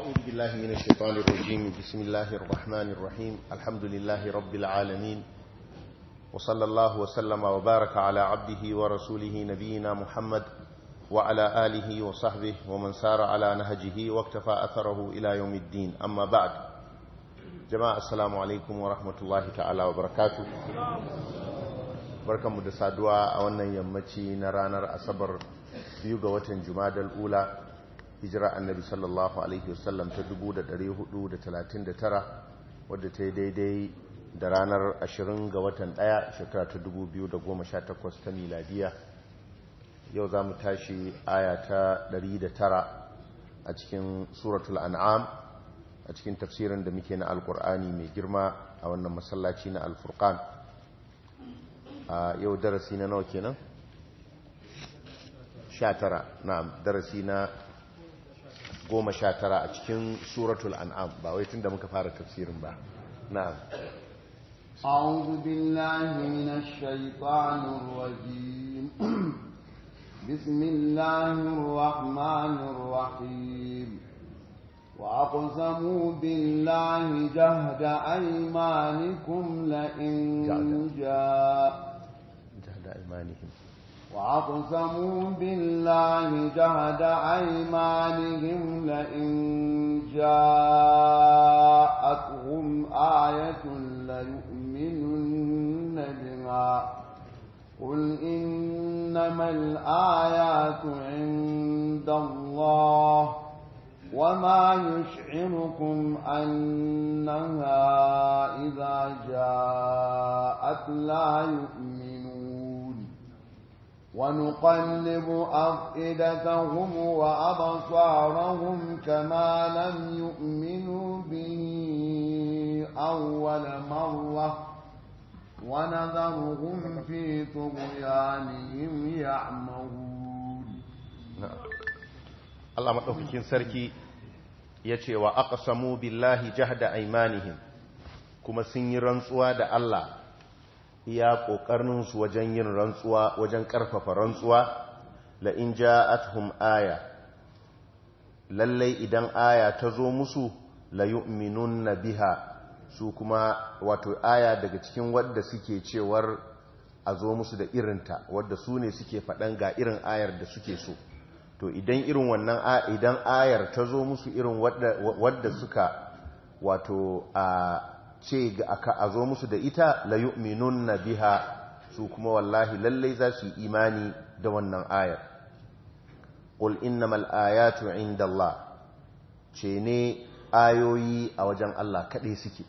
أعوذ بالله من الشيطان الرجيم بسم الله الرحمن الرحيم الحمد لله رب العالمين وصلى الله وسلم وبارك على عبده ورسوله نبينا محمد وعلى آله وصحبه ومن سار على نهجه واكتفى أثره إلى يوم الدين أما بعد جماعة السلام عليكم ورحمة الله تعالى وبركاته barkanmu da saduwa a wannan yammaci na ranar asabar biyu ga watan jumadal ula hijira annabi sallallahu alaihi wasallam ta 439 wadda ta yi daidai da ranar 20 ga watan 1 shekara ta 2018 ta miladiya yau za mu tashi aya ta 109 a cikin suratul an'am a cikin tafsirin da muke na alkur'ani mai girma a wannan masallaci na alfurkan a yau darasi na nawa kenan 19 na darasi na goma sha tara a cikin suratul an'am ba wai tun da muka fara tafsirin ba na'am أعوذ بالله من الشيطان الرجيم بسم الله الرحمن الرحيم وأقسموا بالله جهد أيمانكم لئن جاء جهد أيمانهم وأقسموا بالله جهد أيمانهم لئن جاءتهم آية ليؤمنن بها قل إنما الآيات عند الله وما يشعركم أنها إذا جاءت لا يؤمنون ونقلب أفئدتهم وأبصارهم كما لم يؤمنوا به أول مرة ونذرهم في طغيانهم يعمهون الله مدوكين سركي yace wa aqsamu billahi jahda aymanihim kuma sun yi rantsuwa iya ƙoƙarninsu wajen yin rantsuwa wajen ƙarfafa rantsuwa la'in ja'athum aya lallai idan aya ta zo musu la yu'minunna biha su kuma wato aya daga cikin wadda suke cewar a zo musu da irinta wadda su ne suke faɗan ga irin ayar da suke so to idan irin wannan idan ayar ta zo musu irin wadda suka wato a ce ga aka a zo musu da ita la nabiha, biha su kuma wallahi lallai za su yi imani da wannan ayar qul innamal ayatu Allah ce ne ayoyi a wajen Allah kaɗai suke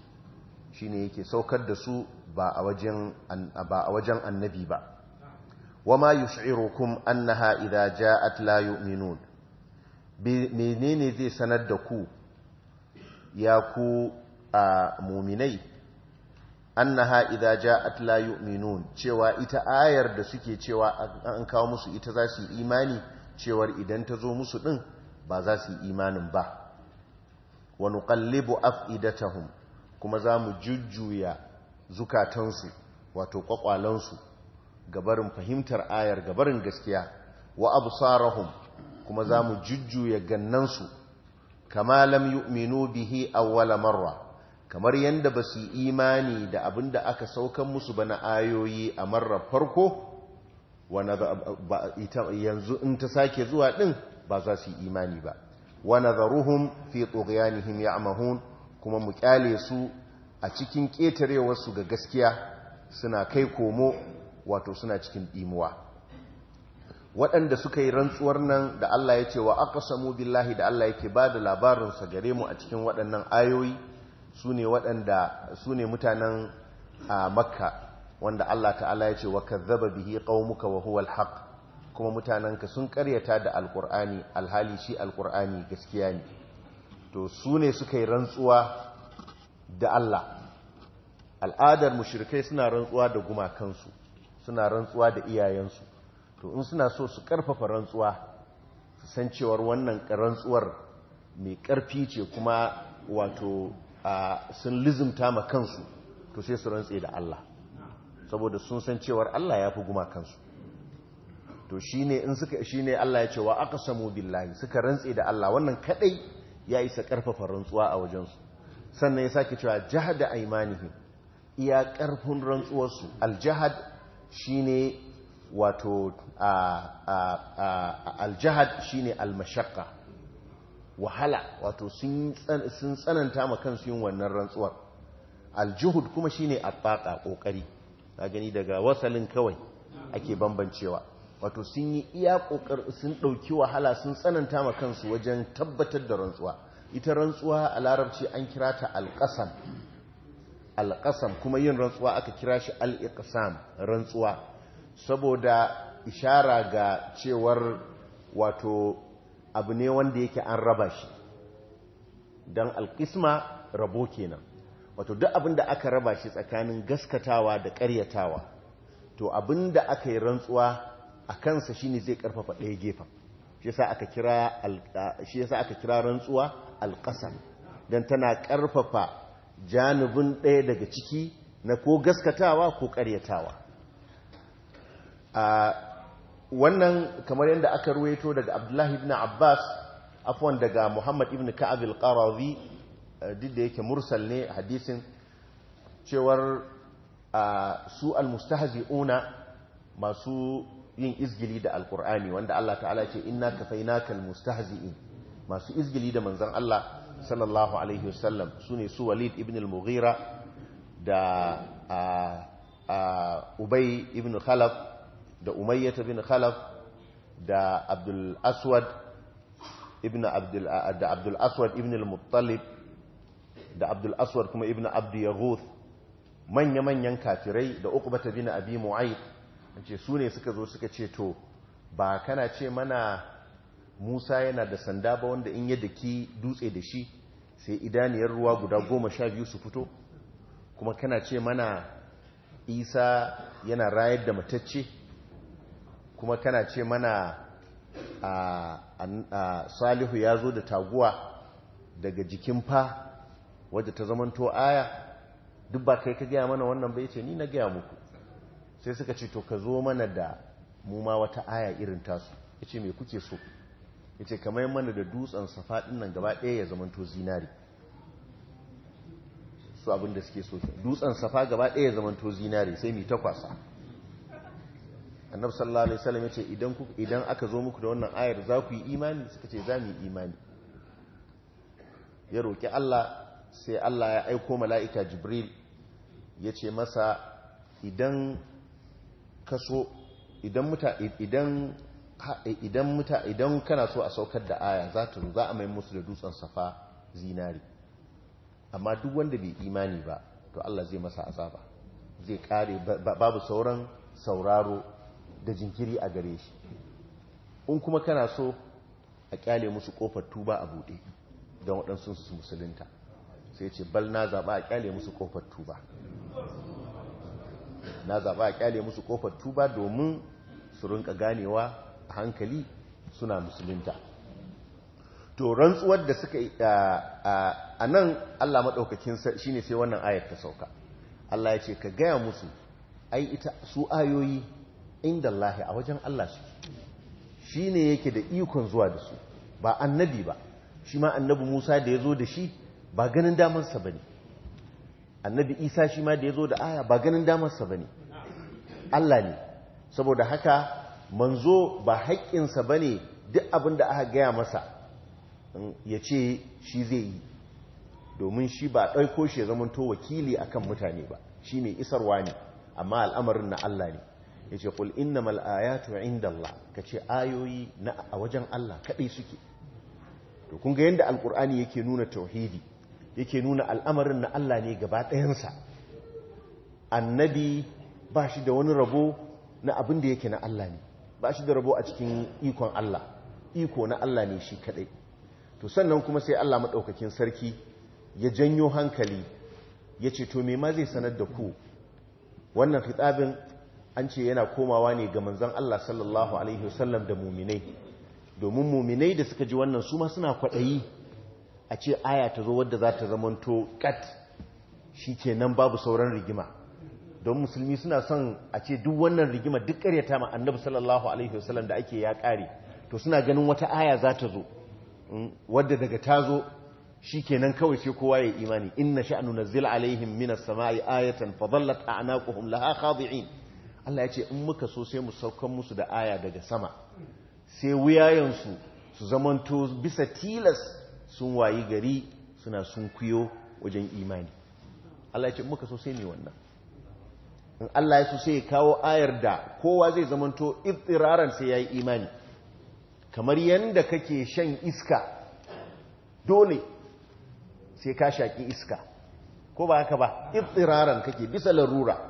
Shi ne yake saukar da su ba a wajen ba annabi ba wama yush'irukum annaha idaja ja'at la yu'minun menene zai sanar da ku ya ku A muminai annaha idza ja'at la yu'minun cewa ita ayar da suke cewa an kawo musu ita za su imani cewar idan ta zo musu din ba za su imanin ba wa nuqallibu af'idatahum kuma za mu jujjuya zukatansu wato kwakwalansu gabarin fahimtar ayar gabarin gaskiya wa absarahum kuma za mu jujjuya gannansu kama lam yu'minu bihi awwala marra kamar yadda ba su imani da abin da aka saukan musu ba na ayoyi a marar farko yanzu in ta sake zuwa ɗin ba za su imani ba da ruhun fi ya amahun kuma mu kyale su a cikin ketarewar ga gaskiya suna kai komo wato suna cikin ɗimuwa. waɗanda suka yi rantsuwar nan da Allah ya ce wa samu billahi da Allah yake ba da labarinsa gare mu a cikin waɗannan ayoyi su ne waɗanda su ne mutanen makka wanda Allah ta'ala ya ce wa zaba bihi qaumuka wa huwa alhaq kuma mutanenka sun karyata da alqur'ani alhali shi alqur'ani gaskiya ne to su ne suka yi rantsuwa da Allah al'adar mushrikai suna rantsuwa da gumakansu suna rantsuwa da iyayensu to in suna so su ƙarfafa rantsuwa su san cewar wannan rantsuwar mai ƙarfi ce kuma wato sun lizimta ma kansu to sai su rantse da Allah saboda sun san cewar Allah ya fi guma kansu to shine in suka shine Allah ya ce wa aqsamu billahi suka rantse da Allah wannan kadai ya isa karfafa rantsuwa a wajensu? sannan ya saki cewa jahada aymanihim iya karfin rantsuwar su aljahad shine wato a a aljahad shine almashaqqa wahala wato sun tsananta ma kansu yin wannan rantsuwar aljuhud kuma shine faƙa ƙoƙari. ka gani daga wasalin kawai ake bambancewa wato sun yi iya ƙoƙari sun ɗauki wahala sun tsananta ma kansu wajen tabbatar da rantsuwa ita rantsuwa a larabci an kira ta alƙasam alƙasam kuma yin rantsuwa aka kira shi al'iƙasam rantsuwa saboda ishara ga cewar wato abu ne wanda yake an raba shi don alkisma rabo kenan wato duk abin da aka raba shi tsakanin gaskatawa da ƙaryatawa, to abin da aka yi rantsuwa a kansa shine zai karfafa ɗaya gefen shi yasa aka kira rantsuwa alkasan don tana karfafa janubin ɗaya daga ciki na ko gaskatawa ko ƙaryatawa. wannan kamar yadda aka ruwaito daga abdullahi ibn abbas afwan daga muhammad ibn ka'ab al-qarazi eh, duk da yake mursal ne hadisin cewar ah, su al-mustahzi'una masu yin izgili da alkur'ani wanda Allah ta'ala ce inna kafainaka al-mustahzi'in masu izgili da manzon Allah sallallahu alaihi wasallam sune su Walid ibn al-Mughira da ah, ah, Ubay ibn Khalaf da umayyata bin khalaf da abdul aswad ibn abdul da abdul aswad ibnu al-muttalib da abdul aswad kuma ibn abd yaghuth manya manyan kafirai da uqbata bin abi An ce su ne suka zo suka ce to ba kana ce mana Musa yana da sanda ba wanda in yadda ki dutse da shi sai idaniyar ruwa guda goma sha biyu su fito kuma kana ce mana Isa yana rayar da matacce kuma kana ce mana salihu ya zo da taguwa daga jikin fa wadda ta zamanto aya duk ba kai ka gaya mana wannan bai ce ni na gaya muku sai suka ce to ka zo mana da mu ma wata aya irin tasu ya ce mai kuke so ya ce kamar mana da dutsen safaɗin nan gaba ɗaya ya zamanto zinari su abin da suke so dutsen safa gaba ɗaya ya zamanto zinari sai mai takwasa annabi sallallahu alaihi wasallam yace idan ku idan aka zo muku da wannan ayar za ku yi imani suka ce za mu yi imani ya roki Allah sai Allah ya aiko mala'ika Jibril yace masa idan so idan muta idan idan muta idan kana so a saukar da aya za ta za a mai musu da dutsen safa zinari amma duk wanda bai imani ba to Allah zai masa azaba zai kare babu sauran sauraro da jinkiri a gare shi in kuma kana so a kyale musu kofar tuba a buɗe don waɗansu su musulunta sai ce bal na zaɓa a kyale musu kofar tuba na zaɓa a kyale musu kofar tuba domin su rinka ganewa a hankali suna musulunta to rantsuwar da suka a nan Allah maɗaukakin shi ne sai wannan ayyar ta sauka Allah ya ce ka gaya musu ai ita su ayoyi inda Allahi a wajen Allah su, shi ne yake da ikon zuwa da su ba annabi ba shi ma annabi Musa da ya zo da shi ba ganin damarsa ba ne annabi Isa shi ma da ya zo da aya ba ganin damarsa ba ne Allah ne saboda haka manzo ba haƙƙinsa ba ne duk abin da aka gaya masa ya ce shi zai yi domin shi ba ɗauko shi ya zamanto wakili akan mutane ba shi ne isarwa ne amma al'amarin na Allah ne yace qul inda Allah ka ce ayoyi na a wajen Allah kaɗai suke to kun ga yadda alƙur'ani yake nuna tauhidi yake nuna al'amarin na Allah ne gaba ɗayansa annabi ba shi da wani rabo na abin da yake na Allah ne ba shi da rabo a cikin ikon Allah iko na Allah ne shi kaɗai to sannan kuma sai Allah maɗaukakin sarki ya janyo hankali ya ce to me ma zai sanar da ku wannan fitabin an ce yana komawa ne ga manzan Allah sallallahu alaihi wasallam da muminai domin muminai da suka ji wannan su ma suna kwaɗayi a ce aya ta zo wadda za ta zamanto kat shi ke nan babu sauran rigima don musulmi suna son a ce duk wannan rigima duk ƙaryata ma annabu sallallahu alaihi wasallam da ake ya ƙare to suna ganin wata aya za ta zo mm, wadda daga ta zo shi ke nan kawai sai kowa ya yi imani inna sha'nu nazzil alaihim minas sama'i ayatan fa dhallat a'naquhum laha khadi'in Allah ya ce in muka so sai mu saukan musu da aya daga sama sai wuyayensu su zamanto bisa tilas sun wayi gari suna sun kuyo wajen imani Allah ya ce in muka so sai ne wannan in Allah ya so sai ya kawo ayar da kowa zai zamanto iftiraran sai ya yi imani kamar yadda kake shan iska dole sai ka shaƙi iska ko ba haka ba iftiraran kake bisa larura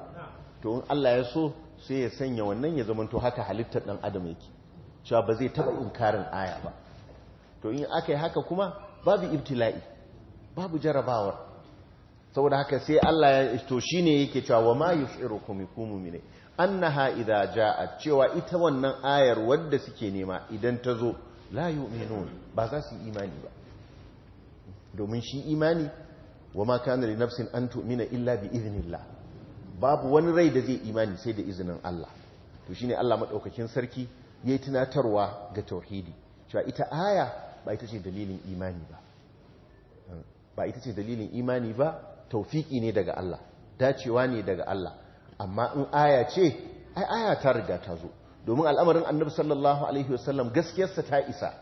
to in Allah ya so sai ya sanya wannan ya zamanto haka halittar dan adam yake cewa ba zai taba inkarin aya ba to in aka yi haka kuma babu ibtila'i babu jarabawar saboda haka sai Allah ya to shine yake cewa wa ma yushirukum kumu mine annaha idza a cewa ita wannan ayar wadda suke nema idan ta zo la yu'minun ba za su imani ba domin shi imani wa ma kana li nafsin an tu'mina illa bi idhnillah babu wani rai da zai imani sai da izinin Allah to shine Allah madaukakin sarki yayi tunatarwa ga tauhidi cewa ita aya ba ita ce dalilin imani ba ba ita ce dalilin imani ba tawfiki ne daga Allah dacewa ne daga Allah amma in aya ce ai aya ta riga ta zo domin al'amarin annabi sallallahu alaihi wasallam gaskiyarsa ta isa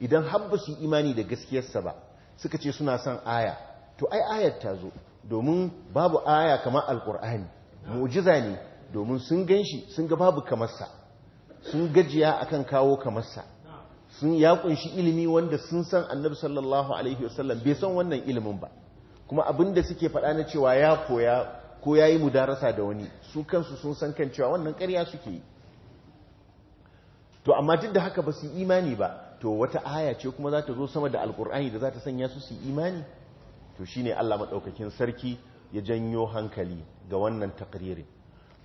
idan har ba su imani da gaskiyarsa ba suka ce suna son aya to ai ayar ta zo domin babu aya kamar alkur'ani mu'jiza ne domin sun ganshi sun ga babu kamarsa sun gajiya akan kawo kamarsa sun ya kunshi ilimi wanda sun san annabi sallallahu alaihi wasallam bai san wannan ilimin ba kuma abin da suke faɗa na cewa ya koya ko ya yi mudarasa da wani su kansu sun san kan cewa wannan karya suke yi to amma duk da haka ba su imani ba to wata aya ce kuma za ta zo sama da alkur'ani da za ta sanya su su imani to shi ne Allah maɗaukakin sarki ya janyo hankali ga wannan takririn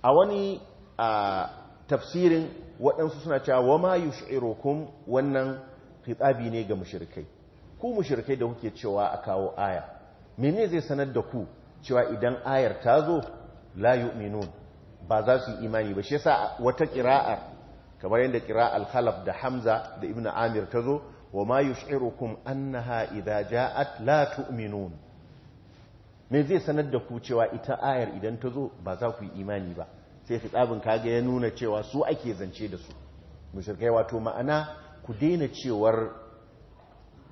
a wani a tafsirin waɗansu suna cewa wa ma wannan khitabi ne ga mashirkai ku mushirikai da kuke cewa a kawo aya menene zai sanar da ku cewa idan ayar ta zo la minun ba za su yi imani ba shi yasa wata ƙira'ar kamar yadda ƙira'ar khalaf da hamza da Ibn amir ta zo wa ma yush'irukum annaha idza ja'at la tu'minun me zai sanar da ku cewa ita ayar idan ta zo ba za ku yi imani ba sai fitsabin kaga ya nuna cewa su ake zance da su Mushirkai wato ma'ana ku daina cewar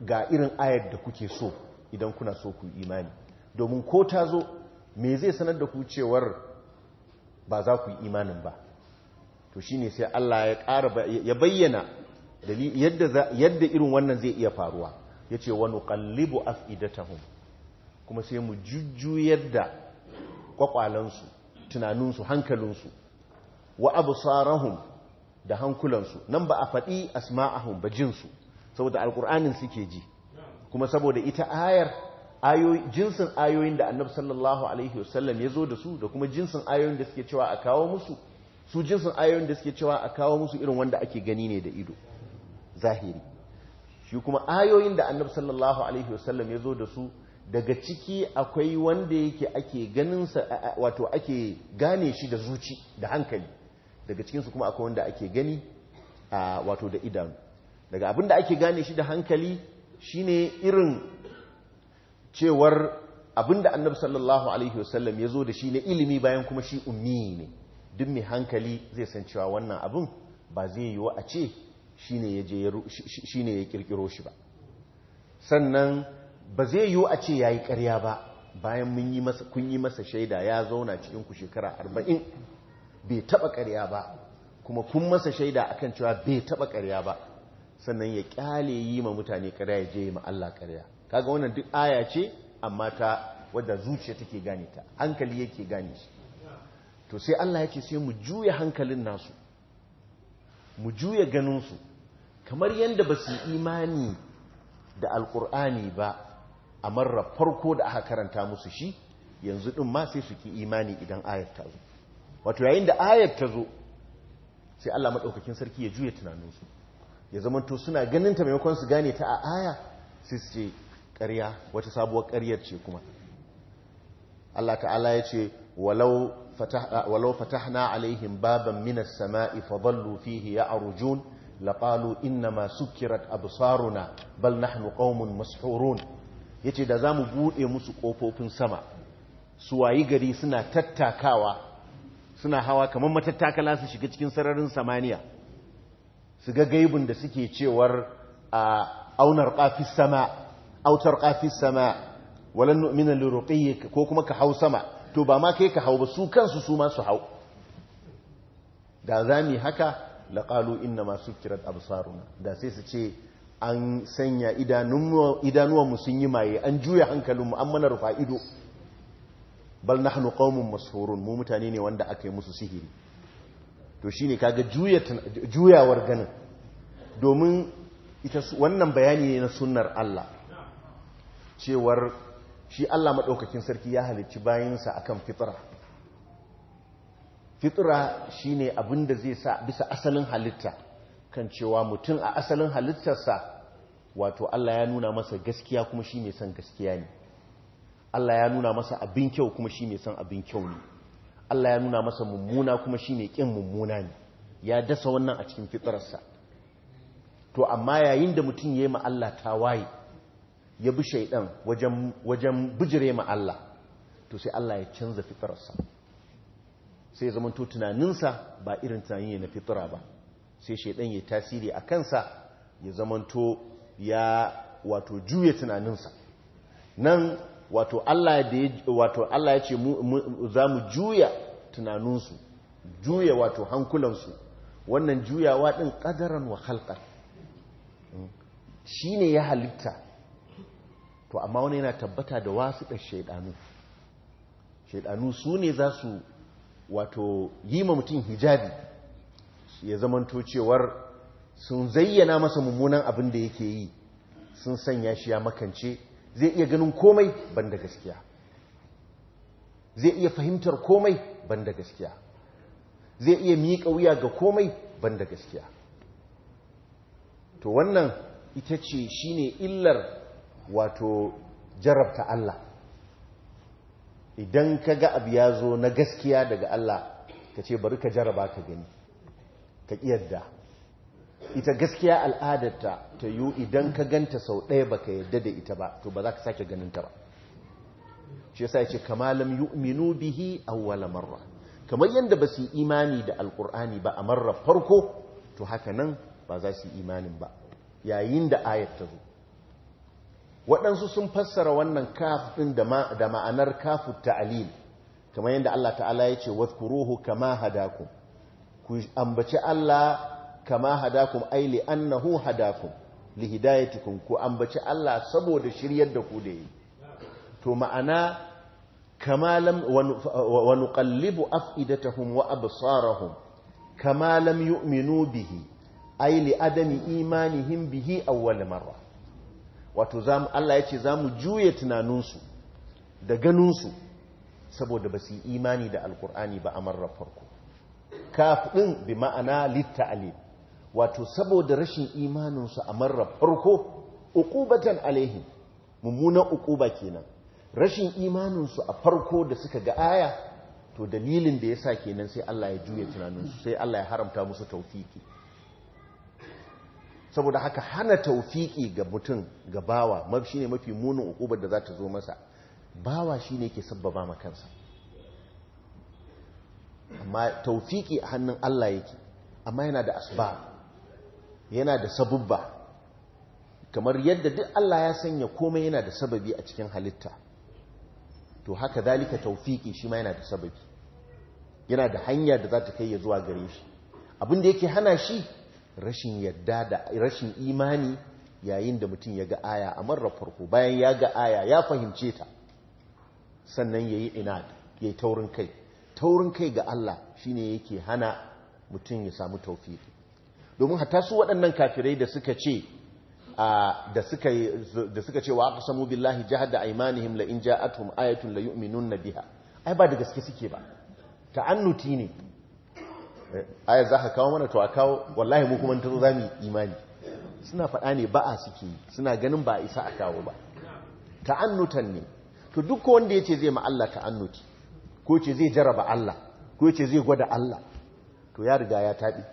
ga irin ayar da kuke so idan kuna so ku yi imani domin ko ta zo me zai sanar da ku cewar ba za ku yi imanin ba to shine sai Allah ya ƙara ya bayyana yadda irin wannan zai iya faruwa ya ce wani kallibu af'idatahun kuma sai mu jujjuyar da kwakwalansu tunaninsu hankalinsu wa absarahum da hankulansu nan ba a faɗi asma'ahum ba jinsu saboda alkur'anin suke ji kuma saboda ita ayar jinsin ayoyin da annabi sallallahu alaihi wasallam ya zo da su da kuma jinsin ayoyin da suke cewa a kawo musu su jinsin ayoyin da suke cewa a kawo musu irin wanda ake gani ne da ido zahiri shi kuma ayoyin da annabi sallallahu alaihi wasallam ya zo da su daga ciki akwai wanda yake ake ganinsa wato ake gane shi da zuci da hankali daga cikinsu kuma akwai wanda ake gani wato da idanu daga abin da ake gane shi da hankali shine irin cewar abin da annabi sallallahu alaihi wasallam ya zo da shi na ilimi bayan kuma shi ummi ne duk mai hankali zai san cewa wannan abin ba zai yiwu a ce shi ne ya kirkiro shi ba sannan ba zai yiwu a ce ya yi karya ba bayan kun yi masa shaida ya zauna cikinku shekara arba'in bai taɓa karya ba kuma kun masa shaida akan cewa bai taɓa karya ba sannan ya ƙyale yi ma mutane karya ya je yi ma Allah karya kaga wannan duk aya ce amma ta wadda zuciya take gane ta hankali yake gane shi to sai Allah yake sai mu juya hankalin nasu mu juya ganin su kamar yadda ba su imani da alkur'ani ba a marar farko da aka karanta musu shi yanzu ɗin ma sai su ki imani idan ayar ta zo wato yayin da ayar ta zo sai allah maɗaukakin sarki ya juya tunaninsu ya to suna ganin ta maimakon su gane ta a aya sai su ce ƙarya wata sabuwar ƙaryar ce kuma allah ta'ala ya ce walau fatahna alaihim baban minas sama'i fa fadallu fihi ya arujun masu kirat sukirat absaruna bal nahnu qaumun Ya yace da zamu buɗe musu ƙofofin sama su wayi gari suna tattakawa suna hawa kamar matattakala su shiga cikin sararin samaniya su ga gaibin da suke cewar a aunar qafis sama autar qafis sama walan nu'mina liruqiyyik ko kuma ka hau sama to ba ma kai ka hau ba su kansu su ma su hau da zami haka laƙalu inna masu sukkirat absaruna da sai su ce an sanya idanuwa mu sun yi maye an juya hankalinmu an mana rufa ido bal nahnu masu horon mu mutane ne wanda aka yi musu sihiri to shi ne kaga juyawar ganin domin ita wannan bayani ne na sunnar Allah cewar shi Allah maɗaukakin sarki ya halicci bayansa akan fitra fitura shine abin da zai sa bisa asalin halitta kan cewa mutum a asalin halittarsa wato Allah ya nuna masa gaskiya kuma shi mai son gaskiya ne Allah ya nuna masa abin kyau kuma shi mai son abin kyau ne Allah ya nuna masa mummuna kuma shi mai ƙin mummuna ne ya dasa wannan a cikin fitararsa to amma yayin da mutum ya yi ma'alla tawaye ya bi shaidan wajen bijire Allah, to sai Allah ya canza fitararsa sai ya zamanto tunaninsa ba irin tunani ya na fitura ba sai shaidan ya tasiri a kansa ya zamanto ya wato juya tunaninsa nan wato Allah da wato Allah ya ce za mu juya tunaninsu juya wato hankulansu wannan juyawa din qadaran wa hmm. shi shine ya halitta to amma wani yana tabbata da wasu da shaidanu shaidanu su ne za su wato yi ma mutum hijabi ya zamanto cewar sun zayyana masa mummunan abin da yake yi sun sanya shi ya makance zai iya ganin komai banda gaskiya zai iya fahimtar komai banda gaskiya zai iya miƙa wuya ga komai banda gaskiya to wannan ita ce shine illar wato jarabta Allah idan ka ga abu ya zo na gaskiya daga Allah ka ce bari ka jaraba ka gani ka yarda. ita gaskiya al'adarta ta yiwu idan ka ganta sau ɗaya ba ka yadda da ita ba to ba za ka sake ganinta ba shi yasa ya ce kamalam yu'minu bihi awwala marra kamar yadda ba su imani da alkur'ani ba a marar farko to haka nan ba za su imanin ba yayin da ayat ta zo waɗansu sun fassara wannan kaf ɗin da ma'anar kafu ta'alil kamar yadda Allah ta'ala ya ce wadkuruhu kama hadakum ku ambaci Allah kama hadakum ai li annahu hadakum li hidayatikum ku ambaci Allah saboda shiryar da ku da yi to ma'ana kama lam wa nuqallibu af'idatahum wa absarahum kama lam yu'minu bihi ai li adami imanihim bihi awwal marra wato Allah ya ce za mu juye tunaninsu da ganinsu saboda ba su yi imani da alkur'ani ba a marar farko kafin bi ma'ana litta'ali wato saboda rashin imaninsu a marar farko ukubatan alaihim mummunan ukuba kenan rashin imaninsu a farko da suka ga aya to dalilin da ya sa kenan sai Allah ya juya tunaninsu sai Allah ya haramta musu taufiki saboda haka hana taufiki ga mutum ga bawa shi ne mafi munin ukubar da za ta zo masa bawa shi ne ke sabbaba ma kansa amma taufiki a hannun Allah yake amma yana da asba yana da sabubba kamar yadda duk Allah ya sanya komai yana da sababi a cikin halitta to haka zalika taufiki shi ma yana da sababi yana da hanya da za ta kai ya zuwa gare shi abin da yake hana shi rashin yadda da rashin imani yayin da mutum ya ga aya a marar farko bayan ya ga aya ya fahimce ta sannan ya yi inad ya yi taurin kai taurin kai ga Allah shi ne yake hana mutum ya samu taufiki domin hata su waɗannan kafirai da suka ce da suka ce wa aka samu billahi jihar da aimanihim la in ja'atuhum ayatun la yu'minun biha ai ba da gaske suke ba ta'annuti ne Eh, ayar za ka kawo mana to a kawo wallahi mu kuma tazo za imani suna faɗa ne ba a suke suna ganin ba a isa a kawo ba ta'annutan ne to duk wanda ya ce zai ma'alla ta'annuti ko ce zai jaraba Allah ko ce zai gwada Allah to ya riga ya taɓi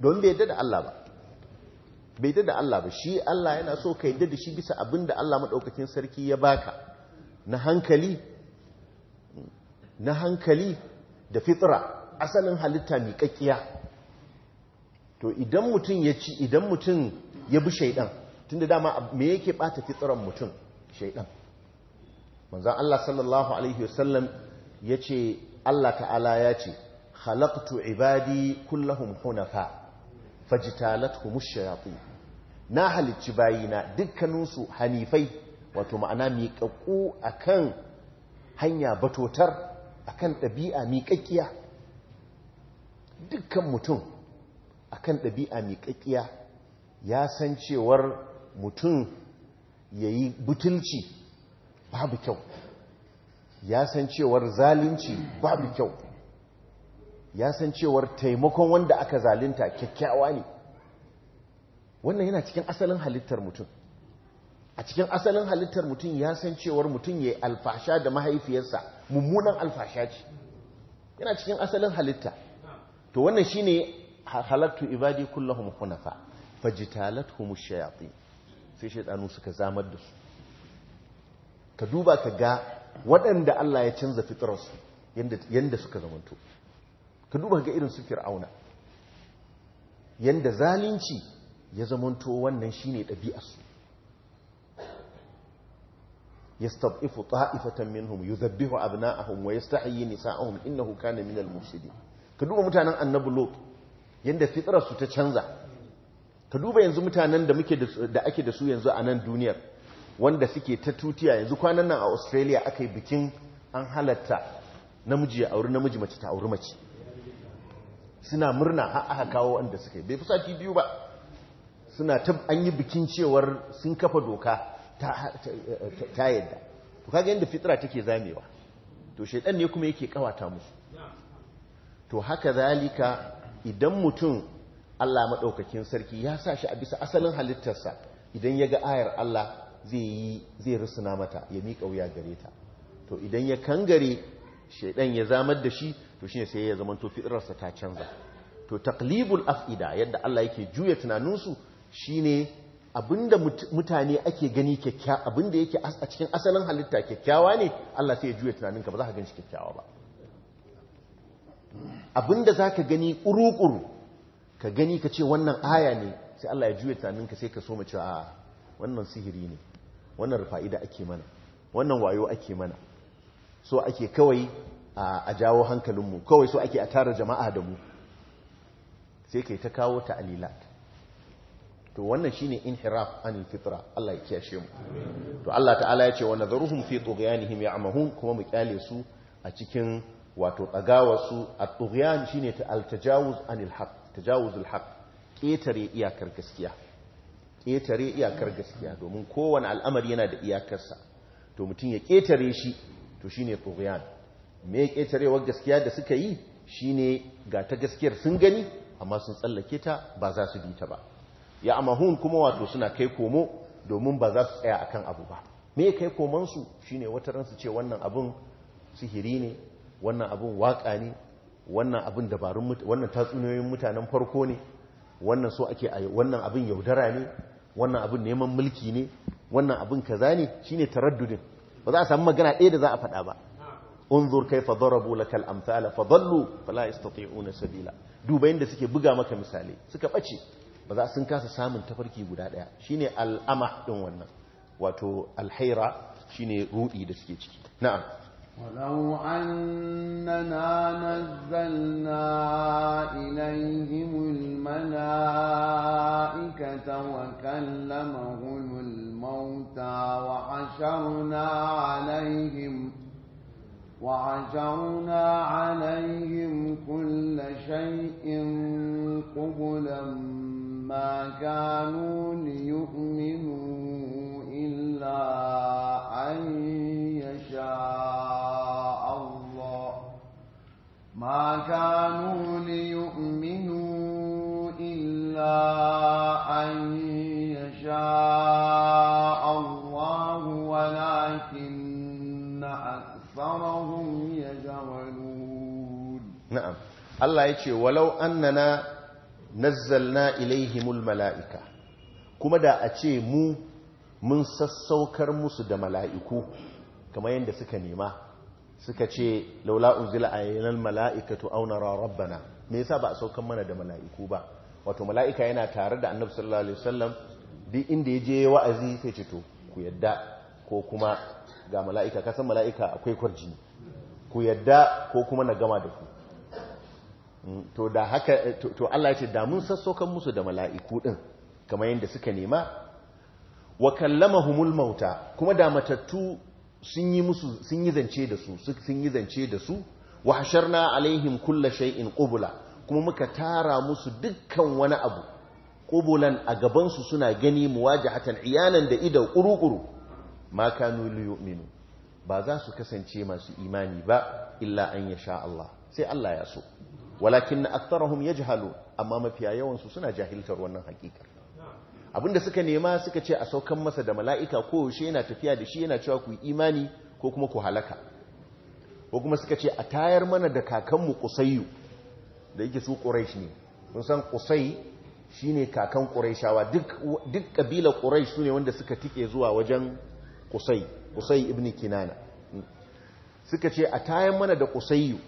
don bai yadda da Allah ba bai yadda da Allah ba shi Allah yana so ka yadda da shi bisa abin da Allah maɗaukakin sarki ya baka na hankali na hankali da fitra asalin halitta miƙaƙƙiya. to idan mutum ya ci idan mutum ya bi shaidan tunda dama me yake bata fitran mutum shaidan manzon Allah sallallahu alaihi wasallam yace Allah ta'ala ya ce khalaqtu ibadi kullahum hunafa fajitalat ash-shayatin na halicci bayina dukkaninsu hanifai wato ma'ana miƙaƙƙu akan hanya batotar akan ɗabi'a miƙaƙƙiya dukkan mutum a kan ɗabi'a miƙaƙiya ya san cewar mutum ya yi butulci babu kyau ya san cewar zalunci babu kyau ya san cewar taimakon wanda aka zalunta kyakkyawa ne wannan yana cikin asalin halittar mutum a cikin asalin halittar mutum ya san cewar mutum ya yi alfasha da mahaifiyarsa mummunan alfasha ce yana cikin asalin halitta to wannan shi ne halattu ibadi kullahum hunafa fajtalathum ash-shayatin sai shaydanu suka zamar da su ka duba ka ga waɗanda Allah ya canza fitrarsu yanda suka zamanto ka duba ga irin su fir'auna yanda zalunci ya zamanto wannan shine ɗabi'arsu يستضعف طائفة منهم يذبح أبناءهم ويستحيي نساءهم إنه kana minal المفسدين ka duba mutanen annabi lot yadda su ta canza ka duba yanzu mutanen da ake da su yanzu a nan duniyar wanda suke ta tutiya yanzu kwanan nan a australia aka yi bikin an halatta namiji ya auri namiji mace ta auri mace suna murna aka kawo wanda suka yi bai fi sati biyu ba suna ta an yi bikin cewar sun kafa doka ta yadda to kaga yadda fitra take zamewa to shaidan ne kuma yake kawata musu to haka zalika idan mutum Allah maɗaukakin sarki ya sa shi a bisa asalin halittarsa idan ya ga ayar Allah zai yi zai rusuna mata ya miƙa wuya gare ta to idan ya kangare shaidan ya zamar da shi to shi ne sai ya zama to fitrarsa ta canza to taqlibul afida yadda Allah yake juya tunaninsu shine abinda mutane ake gani kyakkyawa abinda yake a cikin asalin halitta kyakkyawa ne Allah sai ya juya tunaninka ba za ka gan shi kyakkyawa ba abinda za ka gani ƙuruƙuru ka gani ka ce wannan aya ne sai Allah ya juya ka sai ka so mace a wannan sihiri ne wannan rufa'ida ake mana wannan wayo ake mana so ake kawai a jawo hankalinmu kawai so ake a tara jama'a da mu sai kai ta kawo ta alilat to wannan shi ne inhiraf anil fitra Allah ya kiyashe mu to Allah ta'ala ya ce wa nadharuhum fi tughyanihim ya'mahun kuma mu kyale su a cikin wato su a shi shine ta altajawuz anil haq tajawuz haq ƙetare iyakar gaskiya ƙetare iyakar gaskiya domin kowane al'amari yana da iyakarsa to mutum ya ƙetare shi to shi ne tughyan me ƙetarewar gaskiya da suka yi shi ne ga ta gaskiyar sun gani amma sun tsallake ta ba za su bi ta ba ya amahun kuma wato suna kai komo domin ba za su tsaya akan abu ba me kai komansu shi ne wata ransu ce wannan abun sihiri ne wannan abin waka ne wannan abin dabarun wannan tatsuniyoyin mutanen farko ne wannan so ake wannan abin yaudara ne wannan abin neman mulki ne wannan abin kaza ne shine taraddudin ba za a samu magana ɗaya da za a faɗa ba unzur kaifa darabu lakal amthala fadallu fala yastati'una sabila duba yanda suke buga maka misali suka bace ba za sun kasa samun tafarki guda ɗaya shine al'ama ɗin wannan wato alhaira shine rudi da suke ciki na'am ولو أننا نزلنا إليهم الملائكة وكلمهم الموتى وحشرنا عليهم وعجرنا عليهم كل شيء قبلا ما كانوا Allah ya ce walau annana nazzalna ilaihimul mala'ika kuma da a ce mu mun sassaukar musu da mala'iku kamar yadda suka nema suka ce laula unzila ayyalan mala'ikatu aw nara rabbana me yasa ba a saukar mana da mala'iku ba wato mala'ika yana tare da annabi sallallahu alaihi wasallam duk inda ya je wa'azi sai ce to ku yadda ko kuma ga mala'ika kasan mala'ika akwai kwarji ku yadda ko kuma na gama da ku to da haka to Allah ya ce da mun sassokan musu da mala'iku din kamar yadda suka nema wa kallamahumul mauta kuma da matattu sun yi musu zance da su sun yi zance da su wa hasharna alaihim kulla shay'in qubula kuma muka tara musu dukkan wani abu qubulan a gabansu su suna gani muwajahatan iyanan da ido kurukuru ma kanu liyuminu ba za su kasance masu imani ba illa an yasha Allah sai Allah ya so walakin na aktarahun ya jihalo amma mafiya yawansu suna jahiltar wannan hakikar abinda suka nema suka ce a saukan masa da mala'ika ko yaushe yana tafiya da shi yana cewa ku yi imani ko kuma ku halaka ko kuma suka ce a tayar mana da kakanmu kusayyu da yake su quraish ne sun san kusai ne kakan quraishawa duk ƙabilar kabila su sune wanda suka tike zuwa wajen kusai kusai ibn kinana suka ce a tayar mana da kusayyu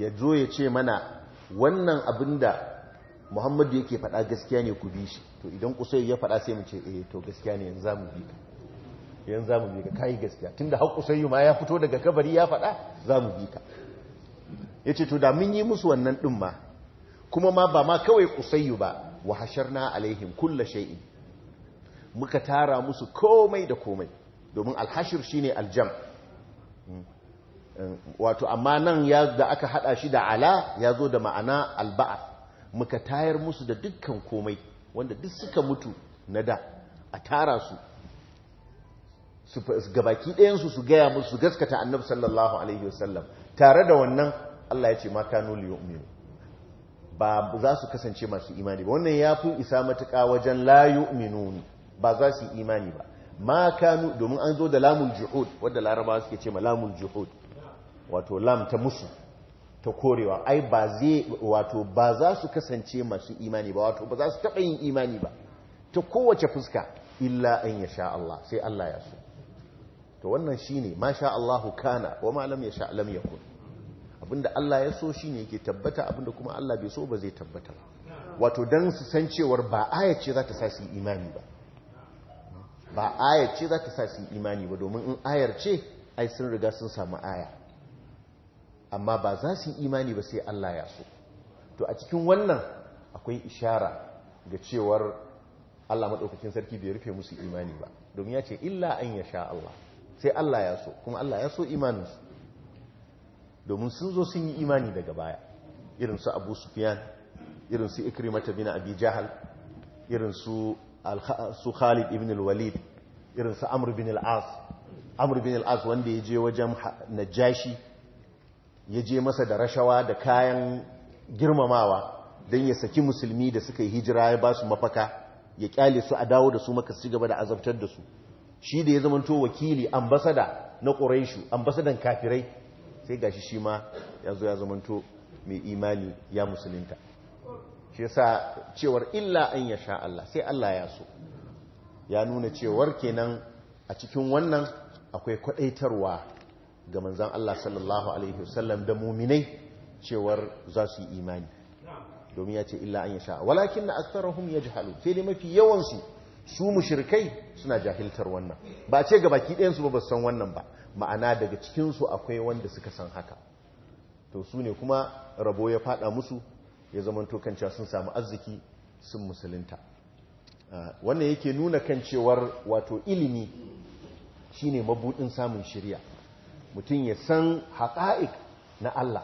ya zo ya ce mana wannan abin da muhammadu yake faɗa gaskiya ne ku bi shi to idan kusai ya faɗa sai mu ce eh to gaskiya ne yanzu za bi ka yanzu za bi ka kai gaskiya tunda har kusai ma ya fito daga kabari ya faɗa za bi ka ya to da mun yi musu wannan ɗin ma kuma ma ba ma kawai kusai ba wa hasharna alaihim kullu shay'in muka tara musu komai da komai domin alhashir shine aljam' wato amma nan ya da aka hada shi da ala ya zo da ma'ana alba'a muka tayar musu da dukkan komai wanda duk suka mutu na da a tara su gabaki ɗayansu su gaya musu gaskata annabi sallallahu alaihi wasallam tare da wannan Allah ya ce ma kanu liyu'minu ba za su kasance masu imani ba wannan ya fi isa matuka wajen la yu'minuni ba za su yi imani ba ma kanu domin an zo da lamul juhud wanda larabawa suke ce ma lamul juhud wato lam ta musu ta korewa ai ba zai wato ba za su kasance masu imani ba wato ba za su taɓa yin imani ba ta kowace fuska illa an ya sha Allah sai Allah ya so to wannan shi ma sha Allahu kana wa ma lam yasha lam kun abinda Allah ya so shi ne yake tabbata abinda kuma Allah bai so ba zai tabbata wato dan su san cewar ba aya ce za ta sa su imani ba ba aya ce za ta sa su imani ba domin in ayar ce ai sun riga sun samu aya amma ba za su yi imani ba sai Allah ya so to a cikin wannan akwai ishara ga cewar Allah maɗaukakin sarki bai rufe musu imani ba domin ya ce illa an ya sha Allah sai Allah ya so kuma Allah ya so imaninsu domin sun zo sun yi imani daga baya irin su Abu sufiyan irin su Ikrimata bin Abi Jahal irin su Khalid ibn al-Walid irin su Amr bin al-As Amr bin al-As wanda ya je wajen Najashi ya je masa da rashawa da kayan girmamawa don ya saki musulmi da suka yi hijira ya ba su mafaka ya kyale su a dawo da su maka su gaba da azabtar da su shi da ya zamanto wakili ambasada na ƙuraishu ambasadan kafirai sai gashi shi ma ya zo ya zamanto mai imani ya musulinta. shi sa cewar illa an ya sha Allah sai Allah ya so ya nuna cewar kenan a cikin wannan akwai kwaɗaitarwa ga manzan Allah sallallahu alaihi wasallam da muminai cewar za su yi imani domin ya ce illa an yasha walakin na ya halu sai dai mafi yawansu su mushrikai suna jahiltar wannan ba ce ga baki ɗayan su ba san wannan ba ma'ana daga cikinsu akwai wanda suka san haka to su ne kuma rabo ya fada musu ya zama tokanci sun samu arziki sun musulunta ah, wannan yake nuna kan cewar wato ilimi shine mabudin samun shirya mutum ya san haƙa'ik na Allah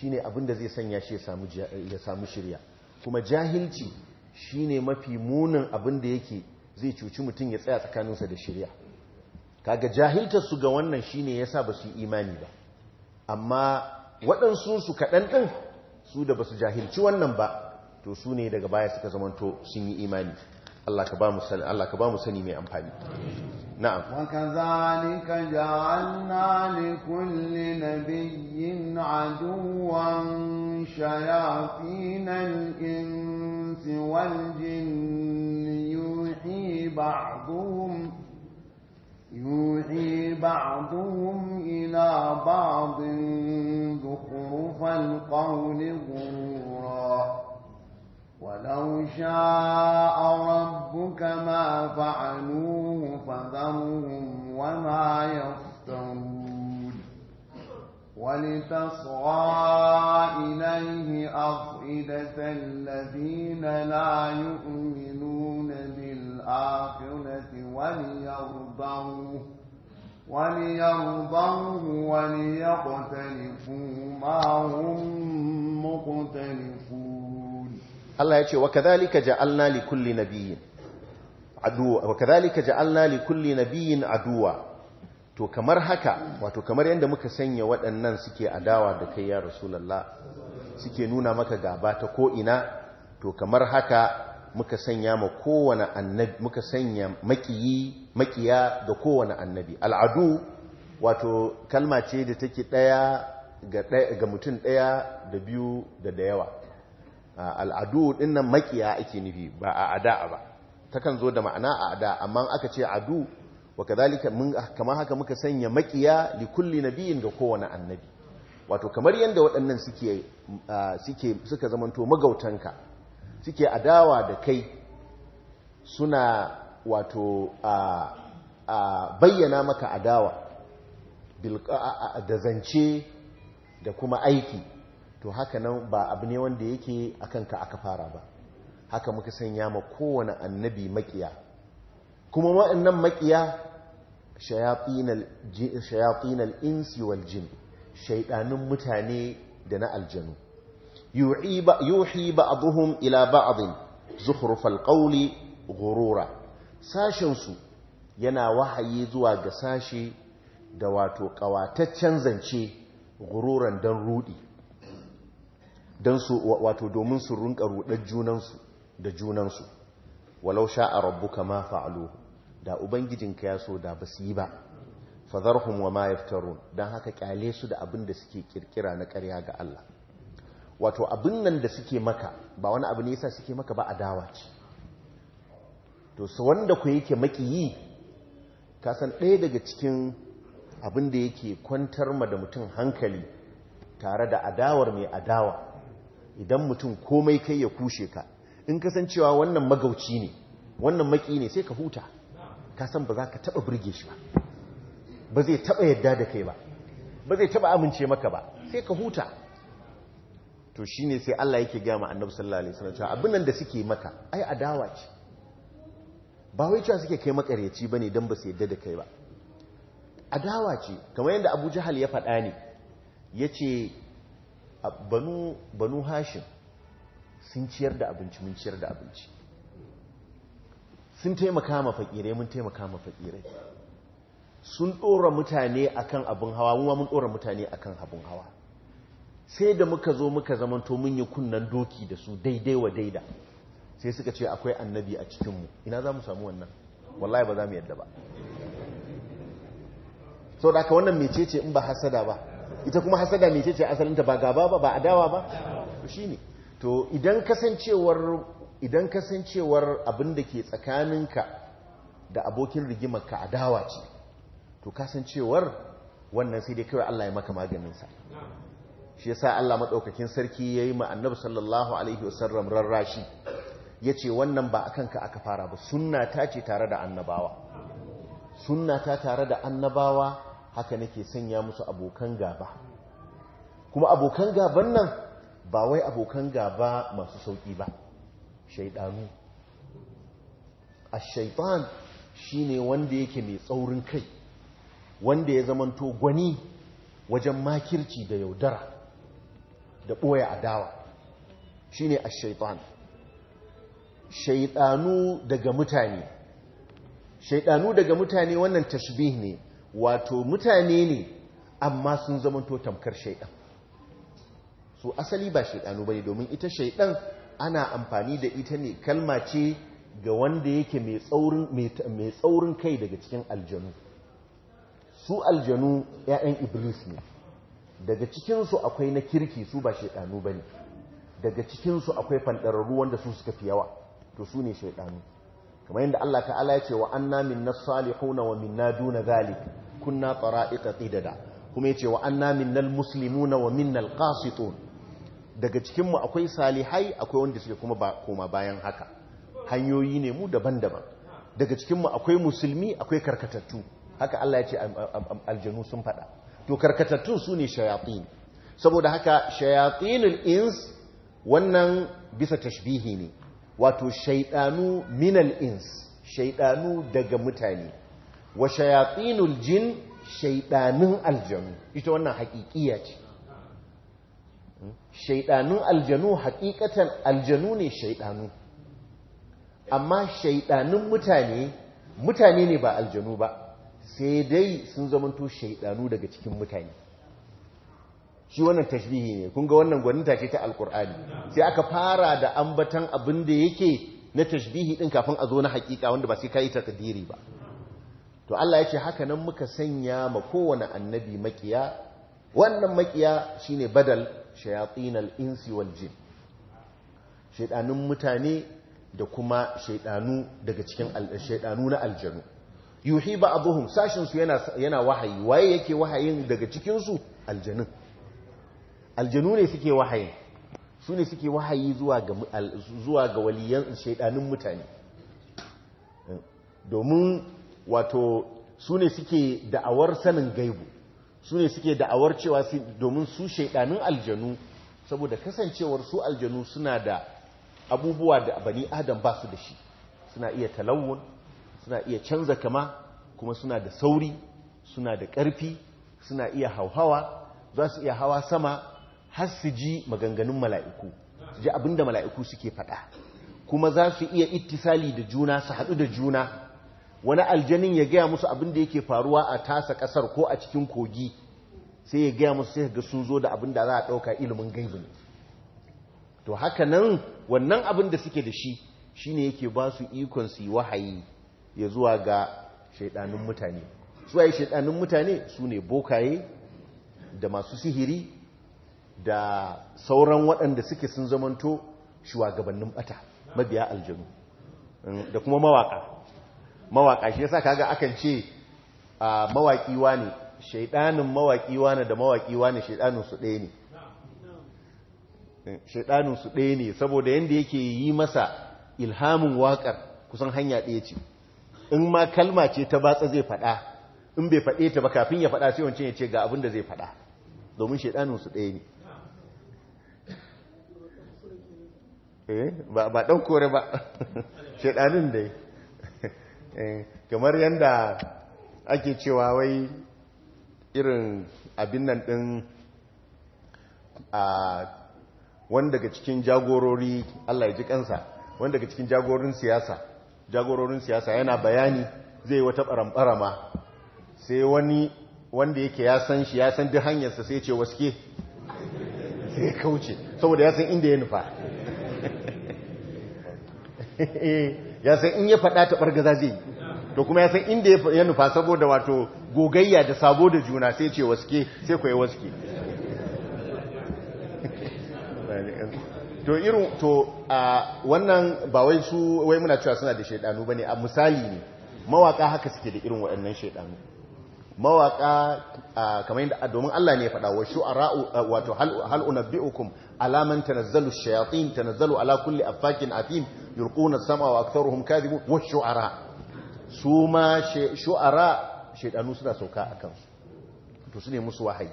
shi ne abin da zai sanya shi ya samu shirya kuma jahilci shi ne mafi munin abin da yake zai cuci mutum ya tsaya tsakaninsa da shirya kaga su ga wannan shi ne ya sa ba su imani ba amma waɗansu su kaɗan ɗin su da ba su jahilci wannan ba to su ne daga baya suka zamanto sun yi imani Allah ka ba mu sani Allah ka ba mu sani mai amfani na'am wa kadhalika ja'alna li kulli nabiyyin aduwan shayatin al-insi wal jinni yuhi ba'dhum يوحي بعضهم إلى بعض زخرف القول غرورا ولو شاء ربك ما فعلوه فذرهم وما يفترون ولتصغى إليه أفئدة الذين لا يؤمنون بالآخرة وليرضوه وليرضوه وليقتلفوا ما هم مقتلفون Allah ya ce wa kadhalika ja'alna li kulli nabiyyin aduwa wa kadhalika ja'alna li kulli nabiyyin aduwa to kamar haka wato kamar yadda muka sanya waɗannan suke adawa da kai ya rasulullah suke nuna maka gaba ta ko ina to kamar haka muka sanya ma kowane annabi muka sanya makiyi makiya da kowane annabi al'adu wato kalma ce da take daya ga mutum daya da biyu da dayawa al'adu dinnan makiya ake nufi ba a ada'a ba takan zo da ma'ana a ada amma aka ce adu wa kadhalika mun kamar haka muka sanya makiya li kulli nabiyin ga kowane annabi wato kamar yadda waɗannan suke suke suka zamanto magautanka suke adawa da kai suna wato bayyana maka adawa da zance da kuma aiki to haka nan ba abu ne wanda yake akan ka aka fara ba haka muka sanya ma kowane annabi makiya kuma nan makiya shayatinal insi wal jin mutane da na aljanu yuhi ba'dhum ila ba'dhin zukhrufal qawli ghurura sashin su yana wahayi zuwa ga sashi da wato kawataccen zance gururan don rudi don su wato domin su rinka rudar junansu da junansu walau sha'a rabu kama fa'alu da ubangijinka ya so da su yi ba fadharhum wa ma yaftarun dan haka kyale su da abin da suke kirkira na karya ga Allah wato abin nan da suke maka ba wani abu ne yasa suke maka ba adawa ce to su wanda ku yake makiyi ka san ɗaya daga cikin abin da yake kwantar ma da mutum hankali tare da adawar mai adawa idan mutum komai kai ya kushe ka in kasancewa wannan magauci ne wannan maki ne sai ka huta ka san ba za ka taba burge shi ba ba zai taba yadda da kai ba ba zai taba amince maka ba sai ka huta to shi ne sai Allah yake ga ma Annabi sallallahu alaihi wasallam abin nan da suke maka ai adawa ce ba wai cewa suke kai makaryaci bane dan ba su yadda da kai ba adawa ce kamar yadda Abu Jahal ya faɗa ne yace banu hashin sun ciyar da abinci mun ciyar da abinci sun taimaka ma fakirai mun taimaka ma fakirai sun ɗora mutane akan abin hawa mun mun dora mutane akan abin hawa sai da muka zo muka zamanto mun yi kunnan doki da su daidai wa daida sai suka ce akwai annabi a cikinmu ina za mu samu wannan wallahi ba za mu yadda ba sau da aka wannan mecece in ba hasada ba ita kuma hasada mai ce asalinta ba gaba ba ba adawa ba shi ne to idan kasancewar idan kasancewar abin da ke tsakaninka da abokin rigimarka adawa ce to kasancewar wannan sai dai kawai Allah ya maka maganinsa shi yasa Allah madaukakin sarki yayi ma annabi sallallahu alaihi wasallam rarrashi yace wannan ba akan ka aka fara ba sunna ta ce tare da annabawa sunna ta tare da annabawa haka nake sanya musu abokan gaba kuma abokan gaban nan ba wai abokan gaba masu sauki ba shaidanu a shaitan shi ne wanda yake mai tsaurin kai wanda ya zamanto gwani wajen makirci da yaudara da ɓoye adawa shi ne a Shaiɗanu shaidanu daga mutane shaidanu daga mutane wannan tashbih ne wato mutane ne amma sun zamanto tamkar shaidan su asali ba shaidanu bane domin ita shaidan ana amfani da ita ne kalma ce ga wanda yake mai tsaurin kai daga cikin aljanu su aljanu 'ya'yan iblis ne daga cikinsu akwai na kirki su ba shaidanu bane daga cikinsu akwai fanɗararru wanda su suka fi yawa to su ne shaidanu kamar yadda Allah ta'ala ya ce wa anna minna salihuna wa minna duna zalik kunna tara'iqa qidada kuma yace wa anna minnal muslimuna wa minnal qasitun daga cikin akwai salihai akwai wanda suke kuma ba koma bayan haka hanyoyi ne mu daban-daban daga cikinmu akwai musulmi akwai karkatattu haka Allah ya ce aljanu sun faɗa to karkatattu su ne shayatin saboda haka shayatinul ins wannan bisa tashbihi ne wato shaidanu minal ins shaidanu daga mutane wa shayatinul jin shaidanin aljanu ita wannan haƙiƙiya ce hmm? shaidanin aljanu haƙiƙatan aljanu ne shaidanu amma shaidanin mutane mutane ne ba aljanu ba sai dai sun zamanto shaidanu daga cikin mutane shi wannan tashbihi ne kun ga wannan gwaninta ce ta alkur'ani sai aka fara da ambatan abin da yake na tashbihi din kafin a zo na haƙiƙa wanda ba sai ka yi takdiri ba to Allah ya ce haka nan muka sanya ma kowane annabi makiya wannan makiya shine badal shayatinal insi wal jin shaidanun mutane da kuma shaidanu daga cikin shaidanu na aljanu yuhi ba'dhum sashin su yana yana wahayi waye yake wahayin daga cikin su aljanun aljanu ne suke wahayi su ne suke wahayi zuwa ga zuwa ga waliyan shaidanun mutane domin wato su ne suke da'awar sanin gaibu su ne suke da'awar cewa domin su shaidanin aljanu saboda kasancewar su aljanu suna da abubuwa da bani adam ba su da shi suna iya talawun suna iya canza kama kuma suna da sauri suna da ƙarfi suna iya hauhawa za su iya hawa sama har su ji maganganun mala'iku ji da mala'iku suke faɗa kuma za su iya ittisali da juna su haɗu da juna wani aljanin ya gaya musu abin da yake faruwa a tasa ƙasar ko a cikin kogi sai ya gaya musu sai ga sun zo da abin da za a ɗauka ilimin gaibin to haka nan wannan abin da suke da shi shine yake ba su ikon su wahayi ya zuwa ga shaidanin mutane su waye shaidanin mutane su ne bokaye da masu sihiri da sauran waɗanda suke sun zamanto shugabannin bata mabiya aljanu da kuma mawaƙa. Mawaƙa shi yasa kaga akan ce mawaki ne shaidanin mawaki ne da mawaki wane shaidanin su ɗaya ne eh, shaidanin su ɗaya ne saboda yadda yake yi masa ilhamin waƙar kusan hanya ɗaya ce in ma kalma ce ta batsa zai faɗa in bai faɗe ta ba kafin ya faɗa sai wancan ya ce ga abin da zai faɗa domin shaidanin su ɗaya ne eh, ba ɗan kore ba shaidanin dai Eh, kamar yadda ake cewa wai irin abin nan ɗin a wani daga cikin jagorori allah ya ji kansa wani daga cikin jagororin siyasa jagororin siyasa yana bayani zai wata ɓaramɓarama sai wani wanda yake ya san shi ya san duk hanyarsa sai ce waske sai kauce saboda ya san inda ya nufa eh, ya san in ya faɗa ta ɓargaza zai yi to kuma ya san inda ya nufa saboda wato gogayya da sabo da juna sai ce waske sai kwaye waske to irin to a wannan ba wai su wai muna cewa suna da shaidanu ne a misali ne mawaka haka suke da irin waɗannan shaidanu mawaka kamar yadda domin Allah ne ya faɗa wa shu'ara wato hal unabbi'ukum alaman tanazzalu shayatin tanazzalu ala kulli affakin athim yulquna sama wa aktharuhum kadhibun wa shu'ara su ma shu'ara shedanu suna sauka a kansu to sune musu wahayi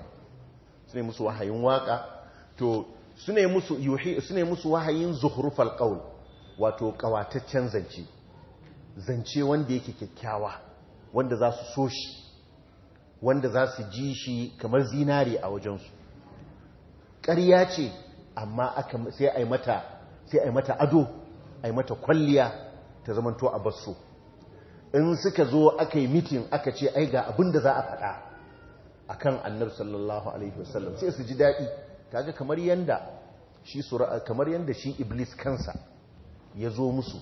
su musu wahayin waka to sune musu yuhi su musu wahayin zuhrufal qawl wato kawataccen zance zance wanda yake kyakkyawa wanda za su so shi wanda za su ji shi kamar zinari a wajensu ƙarya ce amma sai a yi mata ado a mata kwalliya ta zamanto a basso in suka zo aka yi mitin aka ce ai ga abin da za a faɗa a kan annar sallallahu alaihi wasallam sai su ji daɗi kaga kamar yanda shi kamar yanda shi iblis kansa ya zo musu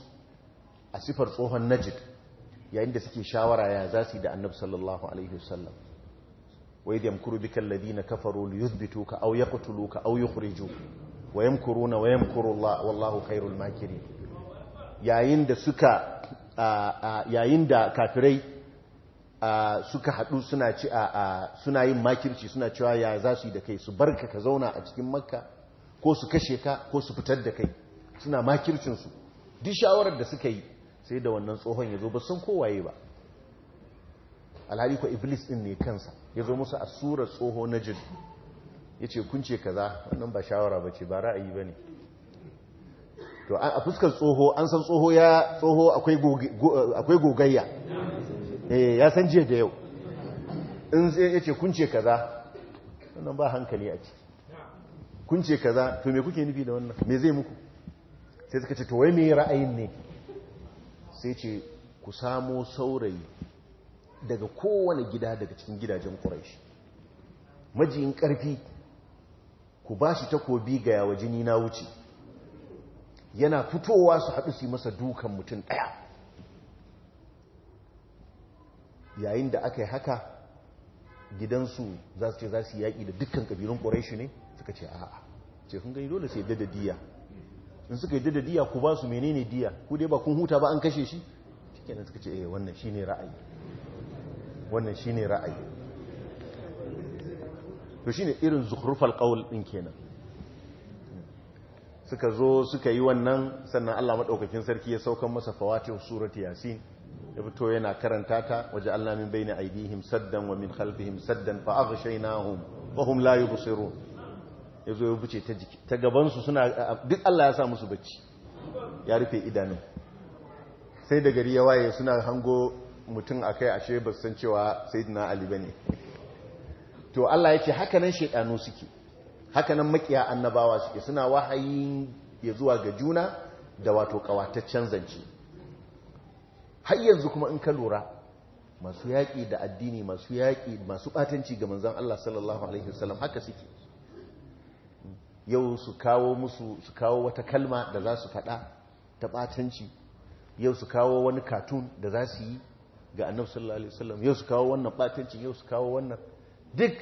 a sifar tsohon najid yayin da suke shawara ya za su yi da annabi sallallahu alaihi wasallam wa idh yamkuru bika alladhina kafaru ya aw yaqtuluka aw yukhrijuka wa yamkuruna wa yamkuru wallahu khairul makiri. yayin da yayin da kafirai suka hadu suna ci suna yin makirci suna cewa ya za su yi da kai su barka ka zauna a cikin makka ko su kashe ka ko su fitar da kai suna makircinsu. duk shawarar da suka yi sai da wannan tsohon ya zo ba sun kowaye ba alhari ko iblis din ne kansa ya zo musu a tsura tsoho na jin ya ce kunce kaza wannan ba shawara ba ce ba ra'ayi ba ne to a fuskar tsoho an san tsoho ya tsoho akwai gogayya eh, ya san jiya da yau in ya ce kunce kaza wannan ba hankali a ciki kunce kaza to me kuke nufi da wannan me zai muku sai suka ce to wai me ra'ayin ne sai ce ku samo saurayi daga kowane gida daga cikin gidajen ƙuraishi majiyin ƙarfi ku ba shi takobi ga yawa jini na wuce yana fitowa su haɗu su masa dukan mutum ɗaya yayin da aka yi haka gidansu za su ce za su yaƙi da dukkan ƙabilun ƙuraishi ne suka ce a'a ce kun gani dole sai dada diya in suka yi dada diya ku ba su menene diya ku dai ba kun huta ba an kashe shi shi suka ce eh wannan shine ra'ayi wannan shi ne ra'ayi to shi ne irin zukhrufal qawl ɗin kenan suka zo suka yi wannan sannan Allah maɗaukakin sarki ya saukan masa fawatin surat yasin ya fito yana karanta ta waje Allah min bayni aidihim saddan wa min khalfihim saddan fa na hun hum layu yubsirun yazo ya buce ta jiki ta gabansu suna duk Allah ya sa musu bacci ya rufe idanun sai da gari ya waye suna hango mutum a kai ashe ba san cewa sayyidina ali bane to Allah yake hakanan nan suke hakanan makiya annabawa suke suna wahayi ya zuwa ga juna da wato kawataccen zance har yanzu kuma in ka lura masu yaƙi da addini masu yaƙi masu batanci ga manzan Allah sallallahu alaihi wasallam haka suke yau su kawo musu su kawo wata kalma da za su faɗa ta ɓatanci yau su kawo wani katun da za su yi ga annabi sallallahu alaihi wasallam yau su kawo wannan batancin yau su kawo wannan duk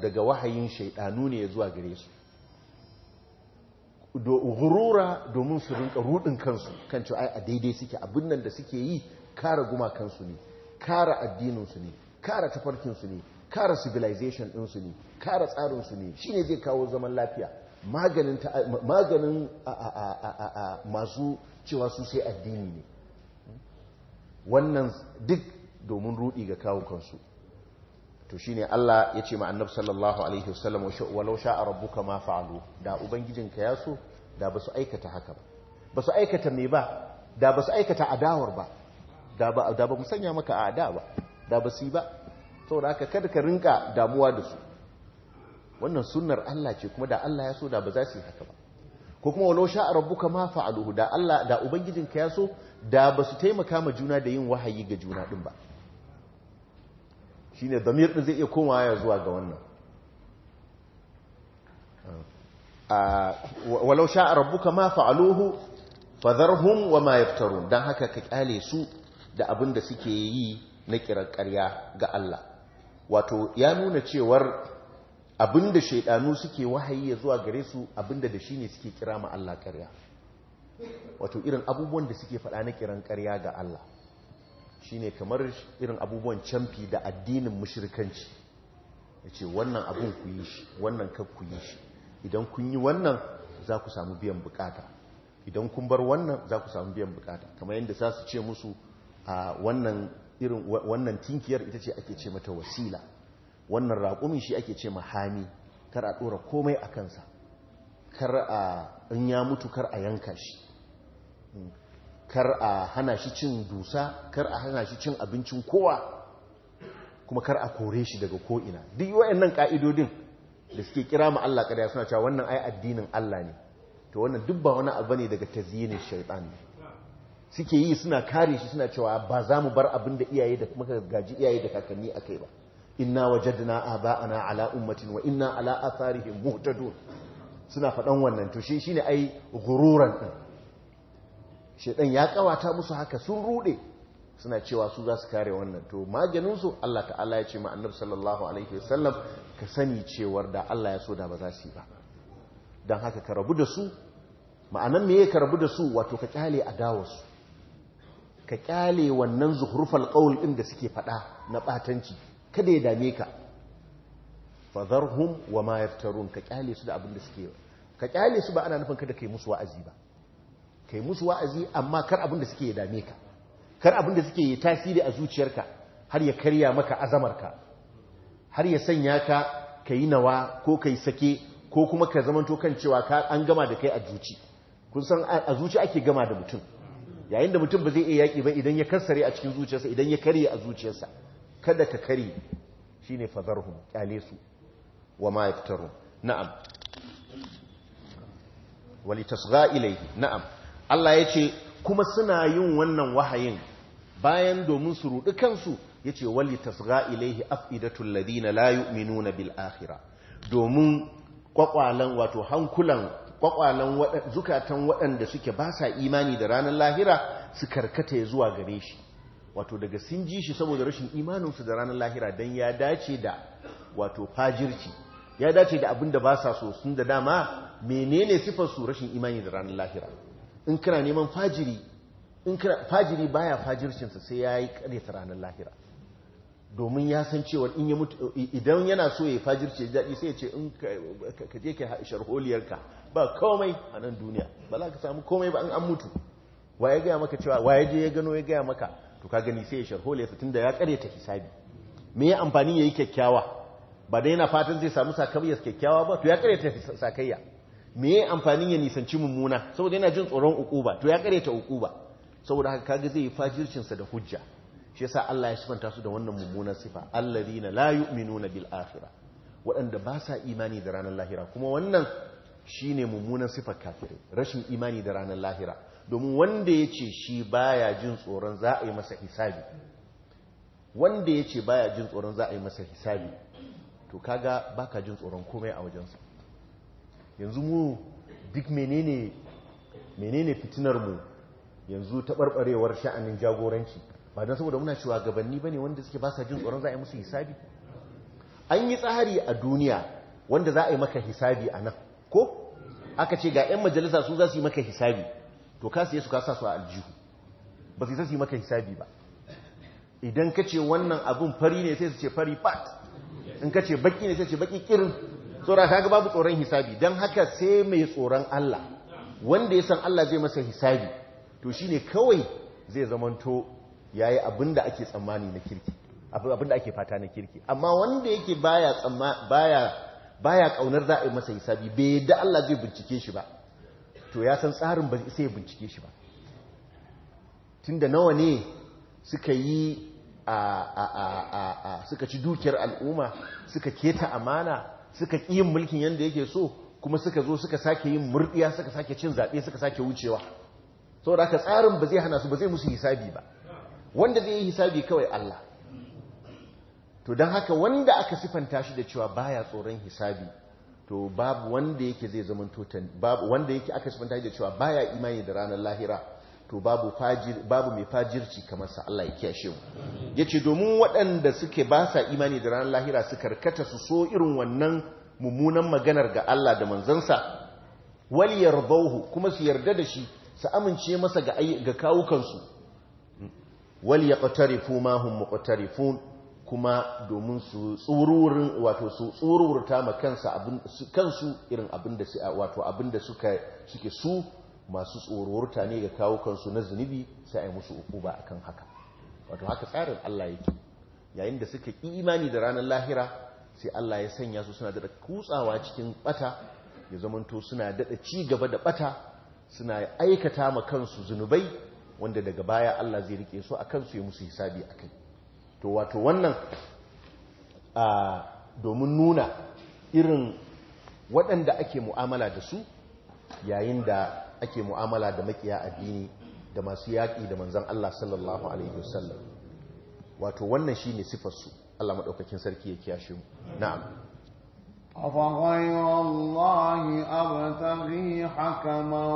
daga wahayin shaidanu ne ya zuwa gare su gurura domin su rinka rudin kansu kan cewa a daidai suke abin nan da suke yi kara kansu ne kara addininsu ne kara tafarkinsu ne kara civilization ɗinsu ne kara tsarinsu ne shine zai kawo zaman lafiya maganin masu cewa su sai addini ne wannan duk domin rudi ga kansu. to shine Allah ya ce ma annab sallallahu alaihi wasallam walau sha'a rabbuka ma fa'alu da ubangijinka ya so da basu aikata haka ba basu aikata me ba da basu aikata adawar ba da ba da ba musanya maka a ada ba da basu ba saboda haka kada ka rinka damuwa da su wannan sunnar Allah ce kuma da Allah ya so da ba za su yi haka ba ko kuma walau sha'a rabbuka ma fa'aluhu da Allah da ubangijinka ya so da ba su taimaka ma juna da yin wahayi ga juna ɗin ba Shi ne, damir din zai iya komawa ya zuwa ga wannan walau sha'a rabbuka ma fa'aluhu fadharhum wa ma don dan haka ka kyale su da abin da suke yi na kiran karya ga Allah wato ya nuna cewar abin da shaidanu suke wahayi ya zuwa gare su abin da da shi ne suke kira ma Allah karya. wato irin abubuwan da suke faɗa na kiran karya ga Allah ne kamar irin abubuwan camfi da addinin mushrikanci ce wannan abin ku yi shi wannan kan ku yi shi idan kun yi wannan za ku samu biyan bukata idan kun bar wannan za ku samu biyan bukata kamar yadda za su ce musu a wannan tinkiyar ita ce ake ce mata wasila wannan raƙumin shi ake ce mahami kar a ɗora komai a kansa kar a in ya mutu kar a yanka shi kar a hana shi cin dusa kar a hana shi cin abincin kowa kuma kar a kore shi daga ko'ina duk wayannan ka'idodin da suke kira ma Allah kada suna cewa wannan ai addinin Allah ne to wannan duk ba wani abu ne daga tazyinin shaytan ne suke yi suna kare shi suna cewa ba za mu bar abin da iyaye da muka gaji iyaye da kakanni akai ba inna wajadna aba'ana ala ummatin wa inna ala atharihim muhtadun suna faɗan wannan to shi shine ai ghururan din shaidan ya kawata musu haka sun rude suna cewa su za su kare wannan to maganinsu Allah ta'ala ya ce ma annabi sallallahu alaihi wasallam ka sani cewar da Allah ya so da ba za su yi ba don haka ka rabu da su ma'anan me ya ka rabu da su wato ka kyale su. ka kyale wannan zuhrufal qaul ɗin da suke fada na batanci kada ya dame ka fadharhum wa ma yaftarun ka kyale su da abin da suke ka kyale su ba ana nufin kada kai musu wa'azi ba kai musu wa'azi amma kar abin da suke ya dame ka kar abin da suke ya tasiri a zuciyarka har ya karya maka azamarka har ya sanya ka ka yi nawa ko kai sake ko kuma ka zamanto kan cewa ka an gama da kai a zuci kun san a zuci ake gama da mutum yayin da mutum ba zai iya yaƙi ba idan ya kassare a cikin zuciyarsa idan ya karye a zuciyarsa kada ka karye shine fadarhum kyale su wa ma yaftaru na'am walitasgha ilayhi na'am Allah ya ce kuma suna yin wannan wahayin bayan domin su ruɗi kansu ya ce wali tasga ilaihi afidatul ladina la yu'minuna bil akhirah domin kwakwalan wato hankulan kwakwalan zukatan waɗanda suke ba sa imani da ranar lahira su karkata ya zuwa gare shi wato daga sun ji shi saboda rashin imaninsu da ranar lahira don ya dace da wato fajirci ya dace da abin da ba sa so sun da dama menene sifar su rashin imani da ranar lahira in kana neman fajiri in kana fajiri baya fajircinsa sai ya yi karyata ranar lahira domin ya san cewa in ya mutu idan yana so ya fajirce daɗi sai ya ce in ka je ka sharholiyarka ba komai a nan duniya ba za ka samu komai ba an an mutu wa ya gaya maka cewa wa ya je ya gano ya gaya maka to ka gani sai ya sharholiyarsa tunda ya karyata hisabi me ya amfani ya yi kyakkyawa ba dai yana fatan zai samu sakayya kyakkyawa ba to ya karyata sakayya me ya amfanin ya nisanci mummuna saboda yana jin tsoron ukuba to ya ta ukuba saboda haka kaga zai yi fajircinsa da hujja shi yasa Allah ya sifanta su da wannan mummunan sifa allazina la yu'minuna bil akhirah waɗanda ba sa imani da ranar lahira kuma wannan shine mummunan sifar kafirai rashin imani da ranar lahira domin wanda ya ce shi baya jin tsoron za a yi masa hisabi wanda ya ce baya jin tsoron za a yi masa hisabi to kaga baka jin tsoron komai a wajensa yanzu mu duk menene fitinarmu fitinar mu yanzu taɓarɓarewar sha'anin jagoranci ba don saboda muna cewa gabanni ne, wanda suke ba sa jin tsoron za a yi musu hisabi an yi tsari a duniya wanda za a yi maka hisabi a nan ko aka ce ga 'yan majalisa su za su yi maka hisabi to ka siye su ka sa su a aljihu ba su yi su yi maka hisabi ba idan ka ce wannan abin fari ne sai su ce fari pat in ka ce baki ne sai ce baki kirin tsoron kaga babu tsoron hisabi don haka sai mai tsoron Allah wanda ya san Allah zai masa hisabi to shi ne kawai zai zamanto yayi abinda ake tsammani na kirki abinda ake fata na kirki amma wanda yake baya kaunar za a yi masa hisabi bai yadda Allah zai bincike shi ba to ya san tsarin ba sai ya bincike shi ba tunda nawa ne suka yi a suka ci dukiyar al'umma suka keta amana suka ƙi yin mulkin yadda yake so kuma suka zo suka sake yin murdiya suka sake cin zaɓe suka sake wucewa saboda haka tsarin ba zai hana su ba zai musu hisabi ba wanda zai yi hisabi kawai Allah to don haka wanda aka sifanta shi da cewa baya tsoron hisabi to babu wanda yake zai zama babu wanda yake aka sifanta shi da cewa baya imani da ranar lahira to babu mai fajirci kamar sa Allah ya kiyashe mu yace domin waɗanda suke ba sa imani da ranar lahira su karkata su so irin wannan mummunan maganar ga Allah da manzansa wal yardahu kuma su yarda da shi su amince masa ga ga kawukansu wal yaqtarifu ma hum muqtarifun kuma domin su tsururin wato su tsururta ma kansa abin kansu irin abin da wato abin suka suke su masu tsororta ne ga kawo kansu na zunubi sai a yi musu ukuba akan haka wato haka tsarin Allah yake yayin da suka ƙi imani da ranar lahira sai Allah ya sanya su suna daɗa kutsawa cikin ɓata ya zamanto suna daɗa ci gaba da ɓata suna aikata ma kansu zunubai wanda daga baya Allah zai rike su a kansu ya musu hisabi a kai to wato wannan domin nuna irin waɗanda ake mu'amala da su yayin da ake mu'amala da makiya addini da masu yaƙi da manzan Allah sallallahu alaihi wasallam wato wannan shine sifar su Allah madaukakin sarki ya kiyashe mu na'am أفغير الله أبتغي حكما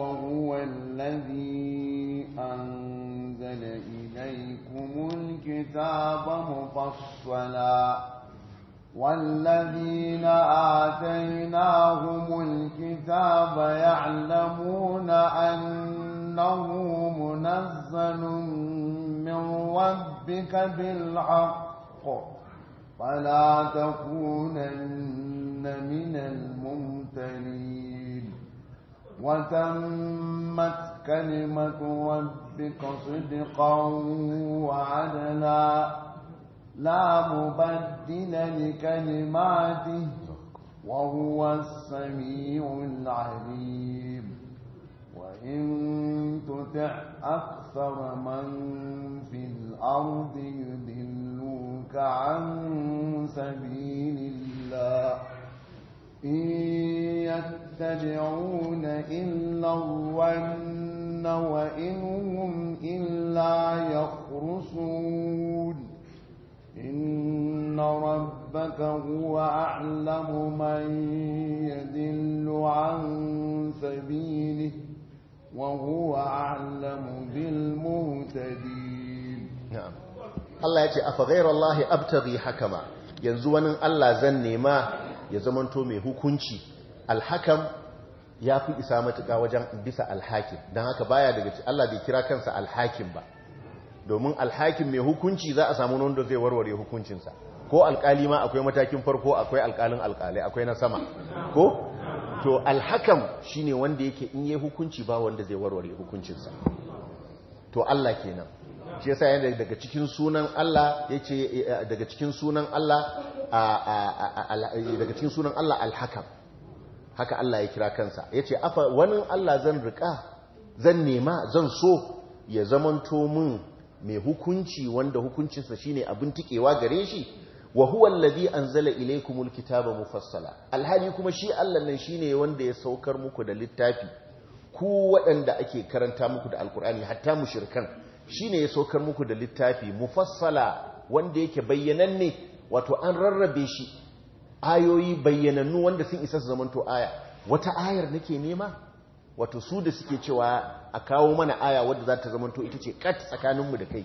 وهو الذي أنزل إليكم الكتاب مفصلا والذين آتيناهم الكتاب يعلمون أنه منزل من ربك بالحق فلا تكونن من الممتلين وتمت كلمة ربك صدقا وعدلا لا مبدل لكلماته وهو السميع العليم وإن تطع أكثر من في الأرض يدلوك عن سبيل الله إن يتبعون إلا الظن وإن هم إلا يخرصون إن ربك هو أعلم من يدل عن سبيله وهو أعلم بالمهتدين نعم Allah yace: a Allah abtaghi hakama yanzu wani Allah zan nema ya zamanto mai hukunci alhakam ya fi isa matuƙa wajen bisa alhakim don haka baya daga Allah bai kira kansa alhakim ba domin alhakin mai hukunci za a samu wanda zai warware hukuncinsa ko alkali ma akwai matakin farko akwai alkalin alkalai akwai na sama ko to alhakam shine wanda yake in yi hukunci ba wanda zai warware hukuncinsa to Allah kenan shi yasa yana daga cikin sunan Allah yace daga cikin sunan Allah daga cikin sunan Allah alhakam haka Allah ya kira kansa yace afa wani Allah zan rika zan nema zan so ya zamanto mun mai hukunci wanda hukuncinsa shine abin tikewa gare shi wa huwa allazi anzala ilaykumul kitaba mufassala alhali kuma shi Allah nan shine wanda ya saukar muku da littafi ku waɗanda ake karanta muku da alkur'ani hatta mushrikan shine ya saukar muku da littafi mufassala wanda yake bayyananne wato an rarrabe shi ayoyi bayyanannu wanda sun isa su zamanto aya wata ayar nake nema wato su da suke cewa a kawo mana aya wadda za ta zamanto ita ce kat tsakaninmu da kai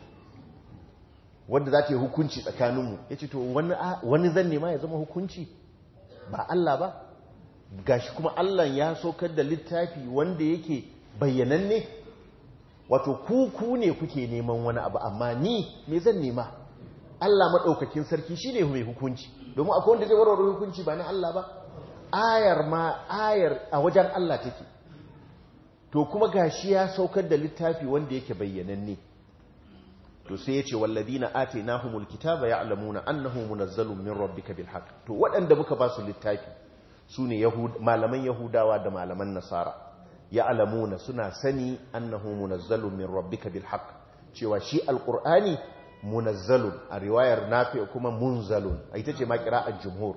wadda za ta yi hukunci tsakaninmu ya ce to wani zan nema ya zama hukunci ba Allah ba gashi kuma Allah ya saukar da littafi wanda yake bayyananne wato ku ku ne kuke neman wani abu amma ni me zan nema Allah maɗaukakin sarki shi ne mai hukunci domin akwai wanda zai warware hukunci ba na Allah ba ayar ma ayar a wajen Allah take to kuma gashi ya saukar da littafi wanda yake bayyananne to sai yace walladina atainahumul kitaba ya'lamuna annahu munazzalun min rabbika bil haqq to waɗanda muka ba su littafi sune yahud malaman yahudawa da malaman nasara ya'lamuna suna sani annahu munazzalun min rabbika bil haqq cewa shi alqur'ani munazzalun a riwayar nafi kuma munzalun ita ce ma qira'at jumhur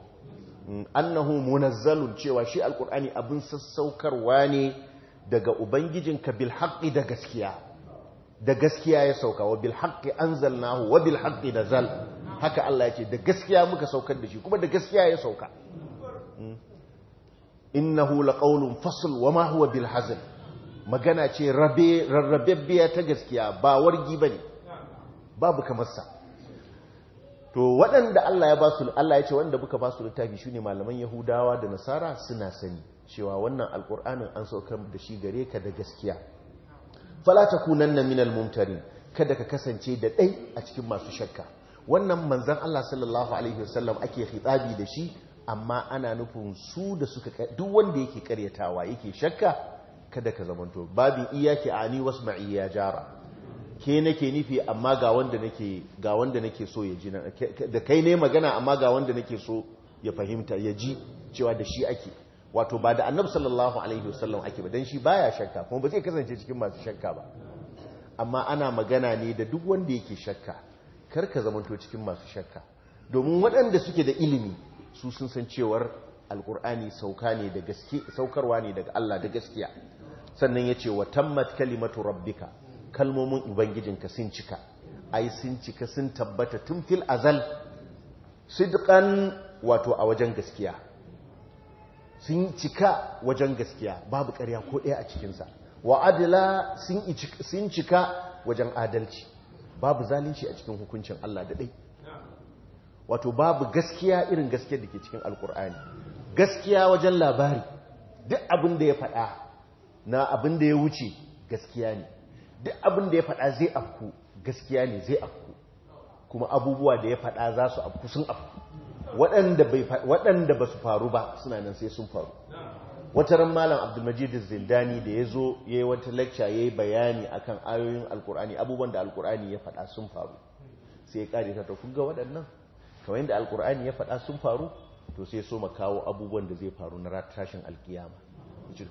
mm, annahu munazzalun cewa shi alqur'ani abin sassaukarwa ne daga ubangijinka bil haƙi da gaskiya da gaskiya ya sauka wa bil zalna hu wa bil da zal. haka Allah ya ce da gaskiya muka saukar da shi kuma da gaskiya ya sauka hmm? innahu laqawlun fasl wa ma huwa bil hazin, magana ce rabe rarrabebbiya ta gaskiya ba wargi ba ne. babu kamar sa to waɗanda Allah ya ba su Allah ya ce wanda muka ba su littafi ne malaman Yahudawa da Nasara suna sani cewa wannan alkur'anin an saukar da shi gare ka da gaskiya fala na minal mumtari kada ka kasance da ɗai a cikin masu shakka wannan manzan Allah sallallahu alaihi wasallam ake hitsabi da shi amma ana nufin su da suka duk wanda yake karyatawa yake shakka kada ka zamanto babin iyaki ani ma'i ya jara ke nake nufi amma ga wanda nake ga wanda nake so ya ji da kai ne magana amma ga wanda nake so ya fahimta ya ji cewa da shi ake wato ba da annabi sallallahu alaihi wasallam ake ba don shi ba ya shakka kuma ba zai kasance cikin masu shakka ba amma ana magana ne da duk wanda yake shakka kar ka zamanto cikin masu shakka domin waɗanda suke da ilimi su sun san cewar alkur'ani sauka ne da gaske saukarwa ne daga Allah da gaskiya sannan ya ce wa tammat kalimatu rabbika kalmomin ubangijinka sun cika ai sun cika sun tabbata tun fil azal sidqan wato a wajen gaskiya sun cika wajen gaskiya babu karya ko ɗaya a cikinsa wa adila sun cika wajen adalci babu zalunci a cikin hukuncin Allah daɗai wato babu gaskiya irin gaskiyar da ke cikin alkur'ani gaskiya wajen labari duk abin da ya faɗa na abin da ya wuce gaskiya ne duk abin da ya faɗa zai afku gaskiya ne zai afku kuma abubuwa da ya faɗa za su afku sun afku waɗanda ba su faru ba suna nan sai sun faru wata ran malam abdulmajid zindani da ya zo ya yi wata lecture ya yi bayani akan ayoyin alkur'ani abubuwan da alkur'ani ya faɗa sun faru sai ya ƙari ta tafi ga waɗannan kamar yadda alkur'ani ya faɗa sun faru to sai so ma kawo abubuwan da zai faru na ratashin alkiyama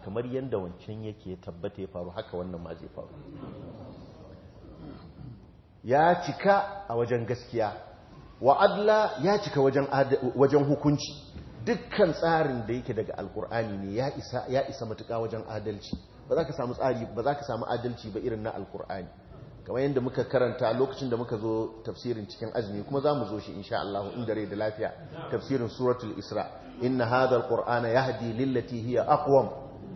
kamar yadda wancan yake tabbata ya faru haka wannan ma zai faru ya cika a wajen gaskiya wa adla ya cika wajen hukunci dukkan tsarin da yake daga alkur'ani ne ya isa ya isa matuƙa wajen adalci ba za ka samu tsari ba za ka samu adalci ba irin na alkur'ani kamar yadda muka karanta lokacin da muka zo tafsirin cikin azumi kuma za mu zo shi insha Allah in dare da lafiya tafsirin suratul isra inna hadha alqur'ana yahdi lillati hiya aqwam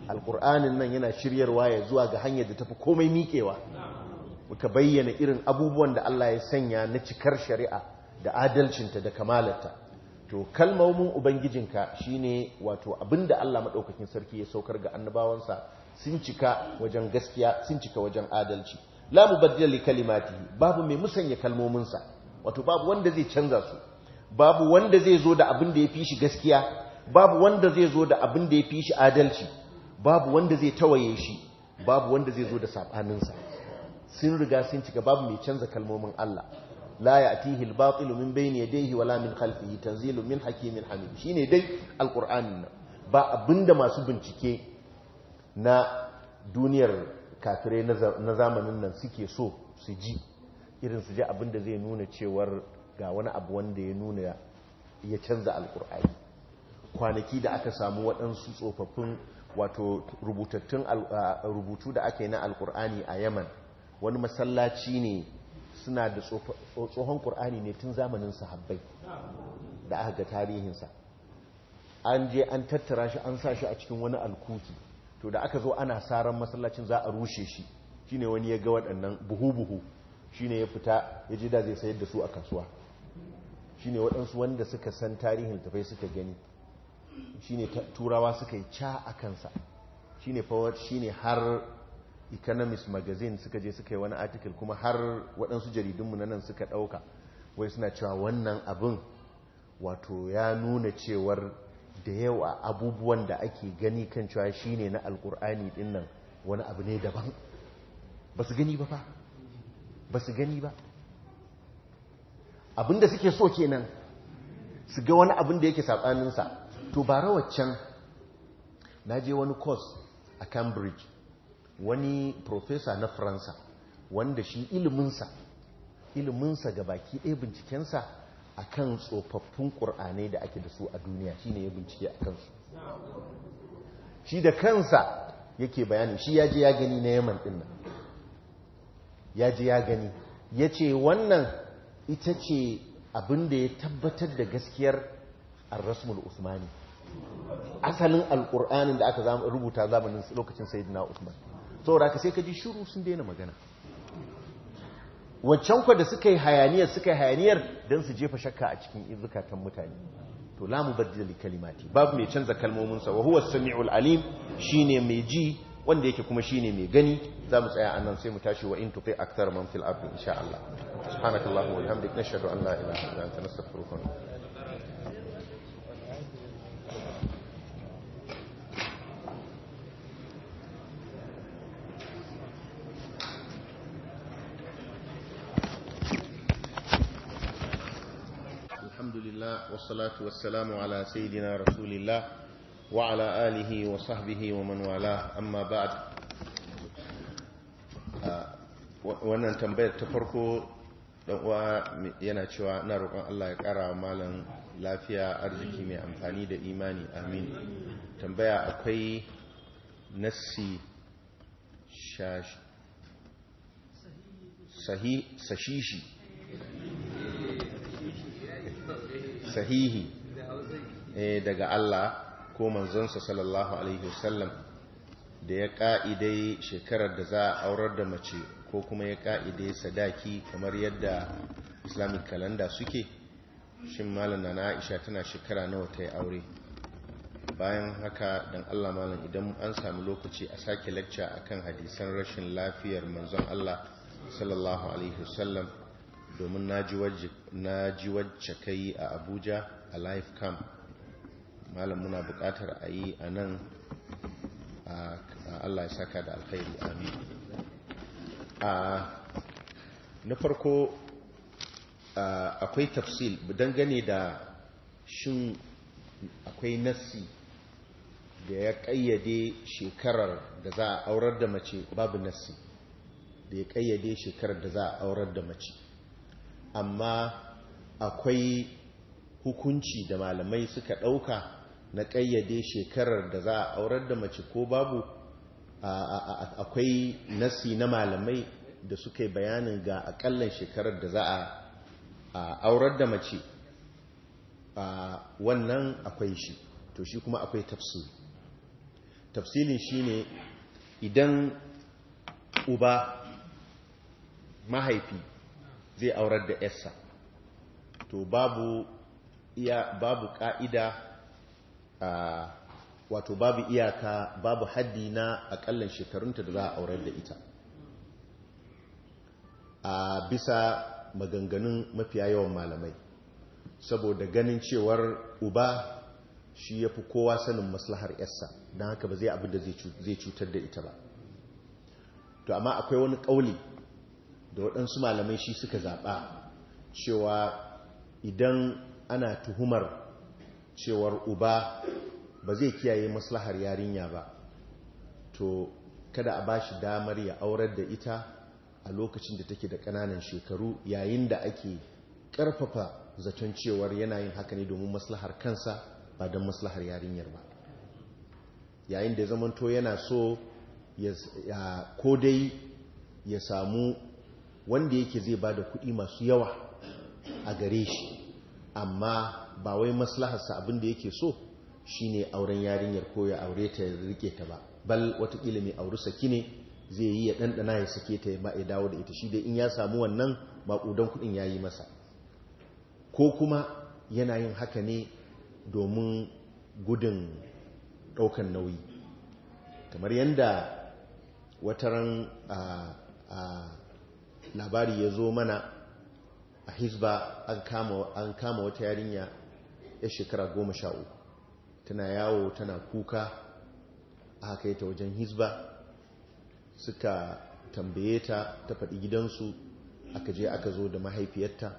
alqur'anin nan yana shiryarwa ya zuwa ga hanyar da tafi komai miƙewa muka bayyana irin abubuwan da Allah ya sanya na cikar shari'a da adalcinta da kamalarta to kalmomin ubangijinka shine wato abinda Allah madaukakin sarki ya saukar ga annabawansa sun cika wajen gaskiya sun cika wajen adalci la mubaddila li kalimatihi babu mai musanya sa wato babu wanda zai canza su babu wanda zai zo da abinda ya fi shi gaskiya babu wanda zai zo da abinda ya fi shi adalci babu wanda zai tawaye shi babu wanda zai zo da sa sun riga sun cika babu mai canza kalmomin Allah la ya'tihi al-batil min bayni yadayhi wala min khalfihi tanzilun min hakimin hamid shine dai alqur'anin ba abinda masu bincike na duniyar kafirai na zamanin nan suke so su ji irin su ji abinda zai nuna cewar ga wani abu wanda ya nuna ya canza alqur'ani kwanaki da aka samu waɗansu tsofaffin wato rubutattun rubutu da aka yi na alkur'ani a yaman wani masallaci ne suna da tsohon ƙur'ani ne tun zamanin sahabbai da aka ga tarihinsa an je an tattara shi an sa shi a cikin wani alkuki to da aka zo ana saran masallacin za a rushe shi shine wani ya ga waɗannan buhu-buhu shine ya fita ya ji da zai sayar da su a kasuwa shine waɗansu wanda suka san tarihin tafai suka gani shine turawa suka yi ca a kansa shine har economist magazine suka je suka yi wani article kuma har waɗansu jaridunmu na nan suka ɗauka wai suna cewa wannan abin wato ya nuna cewar da yawa abubuwan da ake gani kan cewa shi ne na alkur'ani ɗin nan wani abu ne daban ba su gani ba fa ba su gani ba abin da suke so kenan su ga wani abin da yake saɓaninsa to ba rawar can na je wani course a cambridge wani profesa na faransa wanda shi iliminsa iliminsa ga baki ɗaya bincikensa a kan tsofaffin ƙur'anai da ake da su a duniya shi ne ya bincike a kansu shi da kansa yake bayani shi ya je ya gani na yaman ɗin nan ya je ya gani ya ce wannan ita ce abin da ya tabbatar da gaskiyar arrasmul usmani asalin alƙur'anin da aka rubuta zamanin lokacin sayidina usman saboda ka sai ka ji shiru sun daina magana wancan kwa da suka yi hayaniyar suka yi hayaniyar don su jefa shakka a cikin zukatan mutane to la mubaddila kalimati babu mai canza kalmominsa wa huwa samiul alim shine mai ji wanda yake kuma shine mai gani za mu tsaya anan sai mu tashi wa in tufi aktar man fil insha Allah wa nashhadu an la ilaha illa anta nastaghfiruka wa الله والصلاة والسلام على سيدنا رسول Alihi wa آله وصحبه ومن والاه Amma بعد wannan tambayar ta farko uwa yana cewa na roƙon Allah ya ƙara wa malam lafiya arziki mai amfani da imani amin tambaya akwai nassi sahihi sashishi sahihi eh, daga Allah ko manzonsa sallallahu alaihi wasallam da ya ka'idai shekarar da za a aurar da mace ko kuma ya ka'idai sadaki kamar yadda islamic calendar suke shin malam na Aisha tana shekara nawa ta yi aure bayan haka dan Allah malam idan an sami lokaci a sake lacca akan hadisan rashin lafiyar manzon Allah sallallahu alaihi wasallam domin na ji wacce ka yi a abuja a life camp malam muna bukatar a yi a nan a allah saka da alkhairi amin na farko akwai tafsil dangane da shin akwai nasi da ya kayyade shekarar da za a aurar da mace babu nasi da ya kayyade shekarar da za a aurar da mace amma akwai hukunci da malamai suka ɗauka na ƙayyade shekarar da za a aurar da mace ko babu akwai nasi na malamai da suka yi bayanin ga akallan shekarar da za a aurar da mace wannan akwai shi to shi kuma akwai tafsir tafsirin shi ne idan uba mahaifi zai aurar da yarsa to babu iya babu ka'ida a wato babu iyaka babu haddi na akallan shekarunta da za a aurar da ita a bisa maganganun mafiya yawan malamai saboda ganin cewar uba shi ya fi kowa sanin maslahar yarsa don haka ba zai abin da zai cutar da ita ba to amma akwai wani ƙauli da waɗansu malamai shi suka zaɓa cewa idan ana tuhumar cewar uba ba zai kiyaye maslahar yarinya ba to kada a ba shi damar ya aurar da ita a lokacin da take da ƙananan shekaru yayin da ake ƙarfafa zaton cewar yana yin haka ne domin maslahar kansa ba don maslahar yarinyar ba yayin da ya zamanto yana so ko dai ya samu wanda yake zai ba da kuɗi masu yawa a gare shi amma ba wai maslaharsa abin da yake so shine auren yarinyar ko ya aure ta ya rike ta ba bal watakila mai auri saki ne zai yi ya ɗanɗana ya sake ta ya ya dawo da ita shi dai in ya samu wannan maƙudan kuɗin ya yi masa ko kuma yana yin haka ne domin gudun ɗaukan nauyi kamar yadda wataran a labari ya zo mana a hisba an kama wata yarinya ya shekara goma sha uku tana yawo tana kuka a haka ta wajen hisba suka tambaye ta ta faɗi gidansu aka je aka zo da mahaifiyarta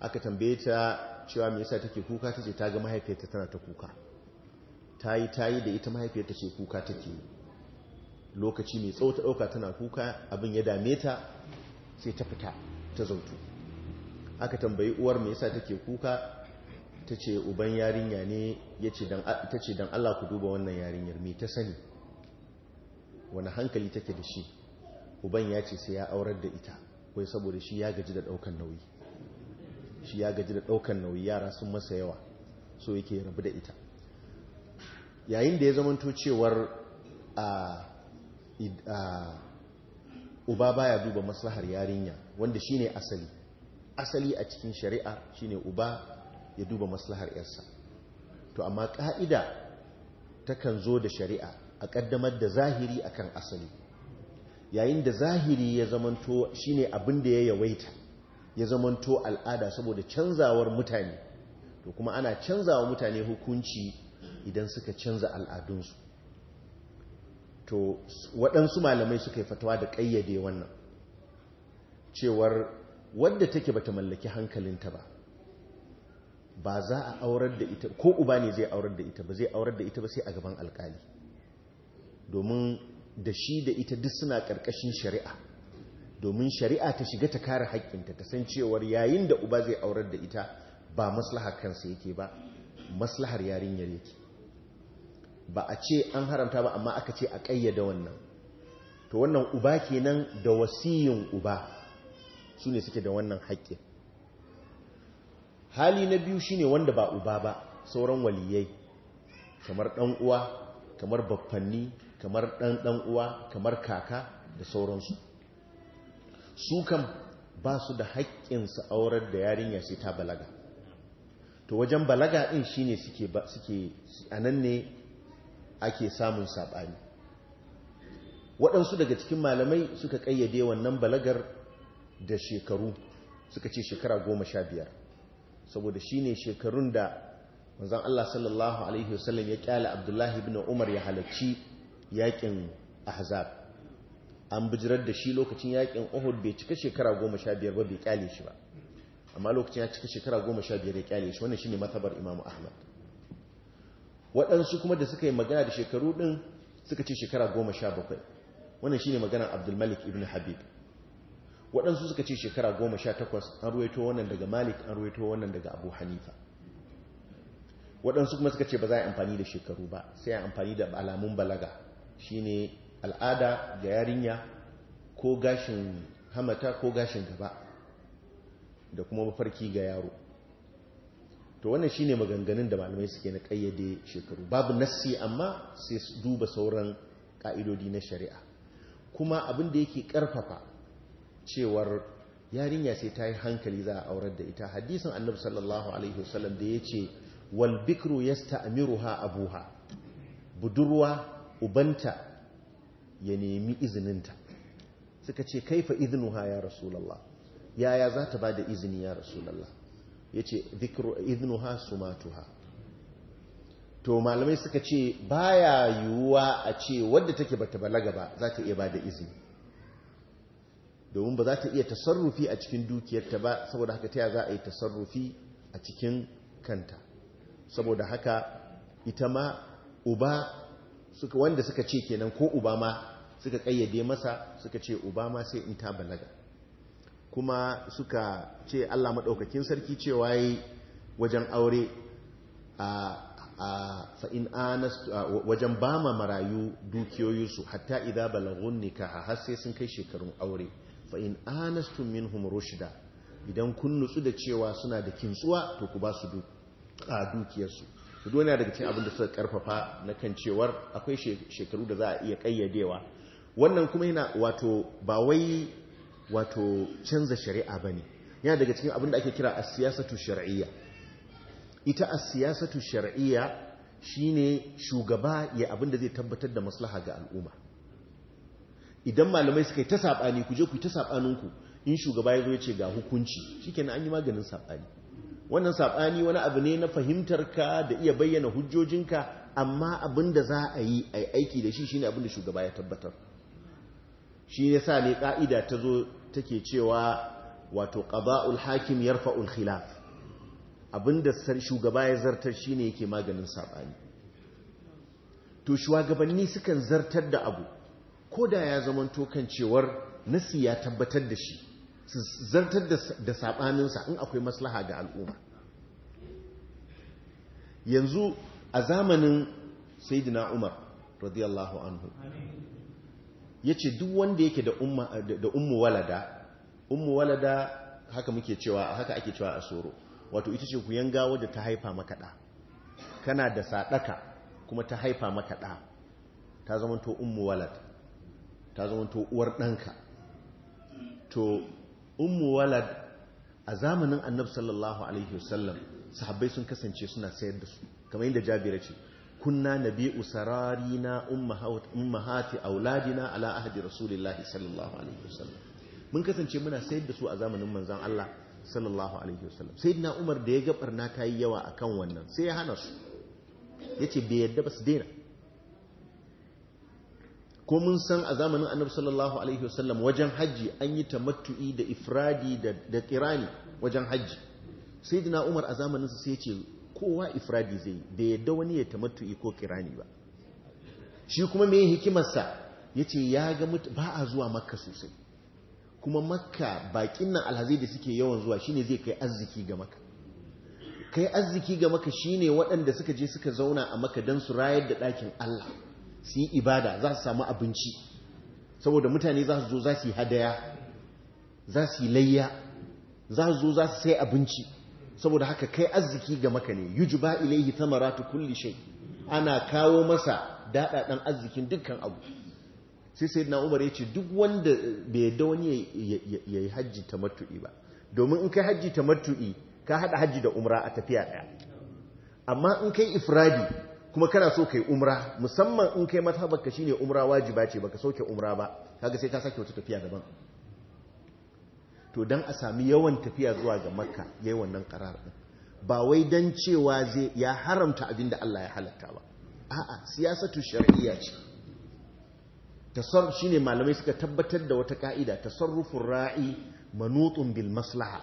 aka tambaye ta cewa me yasa take kuka tace ta ga mahaifiyarta tana ta kuka tayi tayi da ita mahaifiyarta ce kuka take lokaci mai tsawo ta ɗauka tana kuka abin ya dame ta sai ta fita ta zautu aka tambayi uwar mai sa take kuka ta ce uban yarinya ne ta ce don Allah ku duba wannan yarinyar me ta sani wani hankali take da shi uban ya ce sai ya aurar da ita wai saboda shi ya gaji da daukan nauyi shi ya gaji da daukan nauyi yara sun masa yawa so yake rabu da ita yayin da ya zamanto cewar a ah, uba baya duba maslahar yarinya wanda shine asali asali a cikin shari'a shine uba ya duba maslahar yarsa to amma ka'ida takan zo da shari'a a kaddamar da zahiri akan asali yayin da zahiri ya zamanto shine abin da ya yawaita ya zamanto al'ada saboda canzawar mutane to kuma ana canzawa mutane hukunci idan suka canza al'adunsu to waɗansu malamai suka yi fatawa da ƙayyade wannan cewar wadda take bata mallaki hankalinta ba ba za a aurar da ita ko uba ne zai aurar da ita ba zai aurar da ita ba sai a gaban alkali domin da shi da ita duk suna ƙarƙashin shari'a domin shari'a ta shiga ta kare haƙƙinta ta san cewar yayin da uba zai aurar da ita ba maslahar kansa yake ba maslahar yarinyar yake ba a ce an haramta ba amma aka ce a ƙayyada wannan to wannan uba kenan da wasiyin uba su ne suke da wannan haƙƙin hali na biyu shine wanda ba uba ba sauran waliyai kamar ɗan uwa kamar baffanni kamar ɗan ɗan uwa kamar kaka da sauransu su kam ba su da haƙƙin su aurar da yarinya sai ta balaga to wajen balaga ɗin shine suke suke anan ne ake samun saɓani waɗansu daga cikin malamai suka ƙayyade wannan balagar da shekaru suka ce shekara goma sha biyar saboda shi ne shekarun da wanzan Allah sallallahu Alaihi wasallam ya ƙyala abdullahi bin umar ya halarci yaƙin ahzab an bijirar da shi lokacin yaƙin uhud bai cika shekara goma sha biyar ba bai ƙyale shi ba amma lokacin ya cika shekara goma sha biyar ya ƙyale shi wannan shi ne matabar imamu ahmad waɗansu kuma da suka yi magana da shekaru ɗin suka ce shekara goma sha bakwai wannan shine maganar abdulmalik ibn habib waɗansu suka ce shekara goma sha takwas an ruwaito wannan daga malik an ruwaito wannan daga abu hanifa waɗansu kuma suka ce ba za a yi amfani da shekaru ba sai a amfani da alamun balaga shine al'ada ga yarinya ko gashin hamata ko gashin gaba da kuma mafarki ga yaro to wannan shine maganganun da malamai suke na kayyade shekaru babu nassi amma sai duba sauran ka'idodi na shari'a kuma abin da yake karfafa cewar yarinya sai ta yi hankali za a aurar da ita hadisin annabi sallallahu alaihi wasallam da yace wal bikru yasta'miruha abuha budurwa ubanta ya nemi izininta suka ce kaifa idnuha ya rasulullah yaya za ta ba da izini ya rasulullah Ya yace dhikru idnuha sumatuha to malamai suka ce baya yiwuwa a ce wadda take bata balaga ba za ta iya bada izini domin ba za ta iya tasarrufi a cikin dukiyarta ba saboda haka ta za a yi tasarrufi a cikin kanta saboda haka ita ma uba wanda suka ce kenan ko uba ma suka kayyade masa suka ce uba ma sai in ta balaga kuma suka ce Allah maɗaukakin sarki cewa yi wajen aure a fa'in wajen ba ma marayu dukiyoyinsu hatta idan balagun nikaha har sai sun kai shekarun aure fa'in min minhum shida idan kun nutsu da cewa suna da kintsuwa to ku ba su dukiyarsu duk daga cikin abinda da suka karfafa na kan cewar akwai shekaru da za a iya kayyadewa wannan kuma yana wato ba wai wato canza shari'a bane yana daga cikin abin da ake kira as-siyasatu shar'iyya ita a siyasatu shar'iyya shine shugaba ya abin da zai tabbatar da maslaha ga al'umma idan malamai suka yi ta sabani ku je ku ta saɓaninku in shugaba ya zo ya ce ga hukunci shikenan an yi maganin sabani wannan saɓani wani abu ne na fahimtar ka da iya bayyana hujjojinka amma abin da za a yi a aiki da shi shine abin da shugaba ya tabbatar shi yasa ne ƙa'ida ta zo take cewa wato ƙabaul hakim rufa’ul khilaf abinda shugaba ya zartar shine yake maganin sabani to shugabanni sukan zartar da abu ko da ya zamanto tokan cewar nasi ya tabbatar da shi su zartar da saɓaninsa, in akwai maslaha ga al'umma yanzu a zamanin sayyidina Umar radiyallahu anhu Ya ce duk wanda yake da umu ummu walada ummu walada haka muke cewa haka ake cewa a soro wato ita ce kuyanga wadda ta haifa maka kana da saɗaka kuma ta haifa maka ta zamanto ummu walada ta zamanto uwar ɗanka to ummu walad a zamanin annabi sallallahu alaihi wasallam sahabbai sun kasance suna sayar da su kamar yadda jabira ce kunna nabi na ummahati auladina ala ahadi rasulillahi sallallahu alaihi wasallam mun kasance muna sayar da su a zamanin manzon Allah sallallahu alaihi wasallam sayyidina Umar da ya ga barna ta yi yawa kan wannan sai ya hana su yace bai yadda ba su daina ko mun san a zamanin annabi sallallahu alaihi wasallam wajen hajji an yi matu'i da ifradi da da kirani wajen haji sayyidina Umar a zamanin su sai ce kowa ifradi zai bai yadda wani ya tamattu'i iko kirani ba shi kuma mai hikimarsa ya ce ya ga ba a zuwa makka sosai kuma makka bakin nan alhazai da suke yawan zuwa shine zai kai arziki ga makka kai arziki ga maka shine waɗanda suka je suka zauna a maka don su rayar da ɗakin Allah su yi ibada za su samu abinci saboda mutane za su zo za su yi hadaya za su yi layya za su zo za su sai abinci saboda haka kai arziki ga maka ne yujba ilaihi tamaratu kulli shay ana kawo masa daɗaɗan arzikin dukkan abu sai sayyidina Umar ya ce duk wanda bai yadda wani yayi hajji tamattu'i ba domin in kai hajji matu’i, ka haɗa hajji da umra a tafiya daya amma in kai ifradi kuma kana so kai umra musamman in kai mazhabarka shine umra wajiba ce baka sauke umra ba kaga sai ka sake wata tafiya daban to don a sami yawan tafiya zuwa ga makka ya yi wannan karar ɗin ba wai don cewa zai ya haramta abin da Allah ya halatta ba a'a siyasatu shari'a ce tasar ne malamai suka tabbatar da wata ka'ida tasarrufin ra'i manutun bil maslaha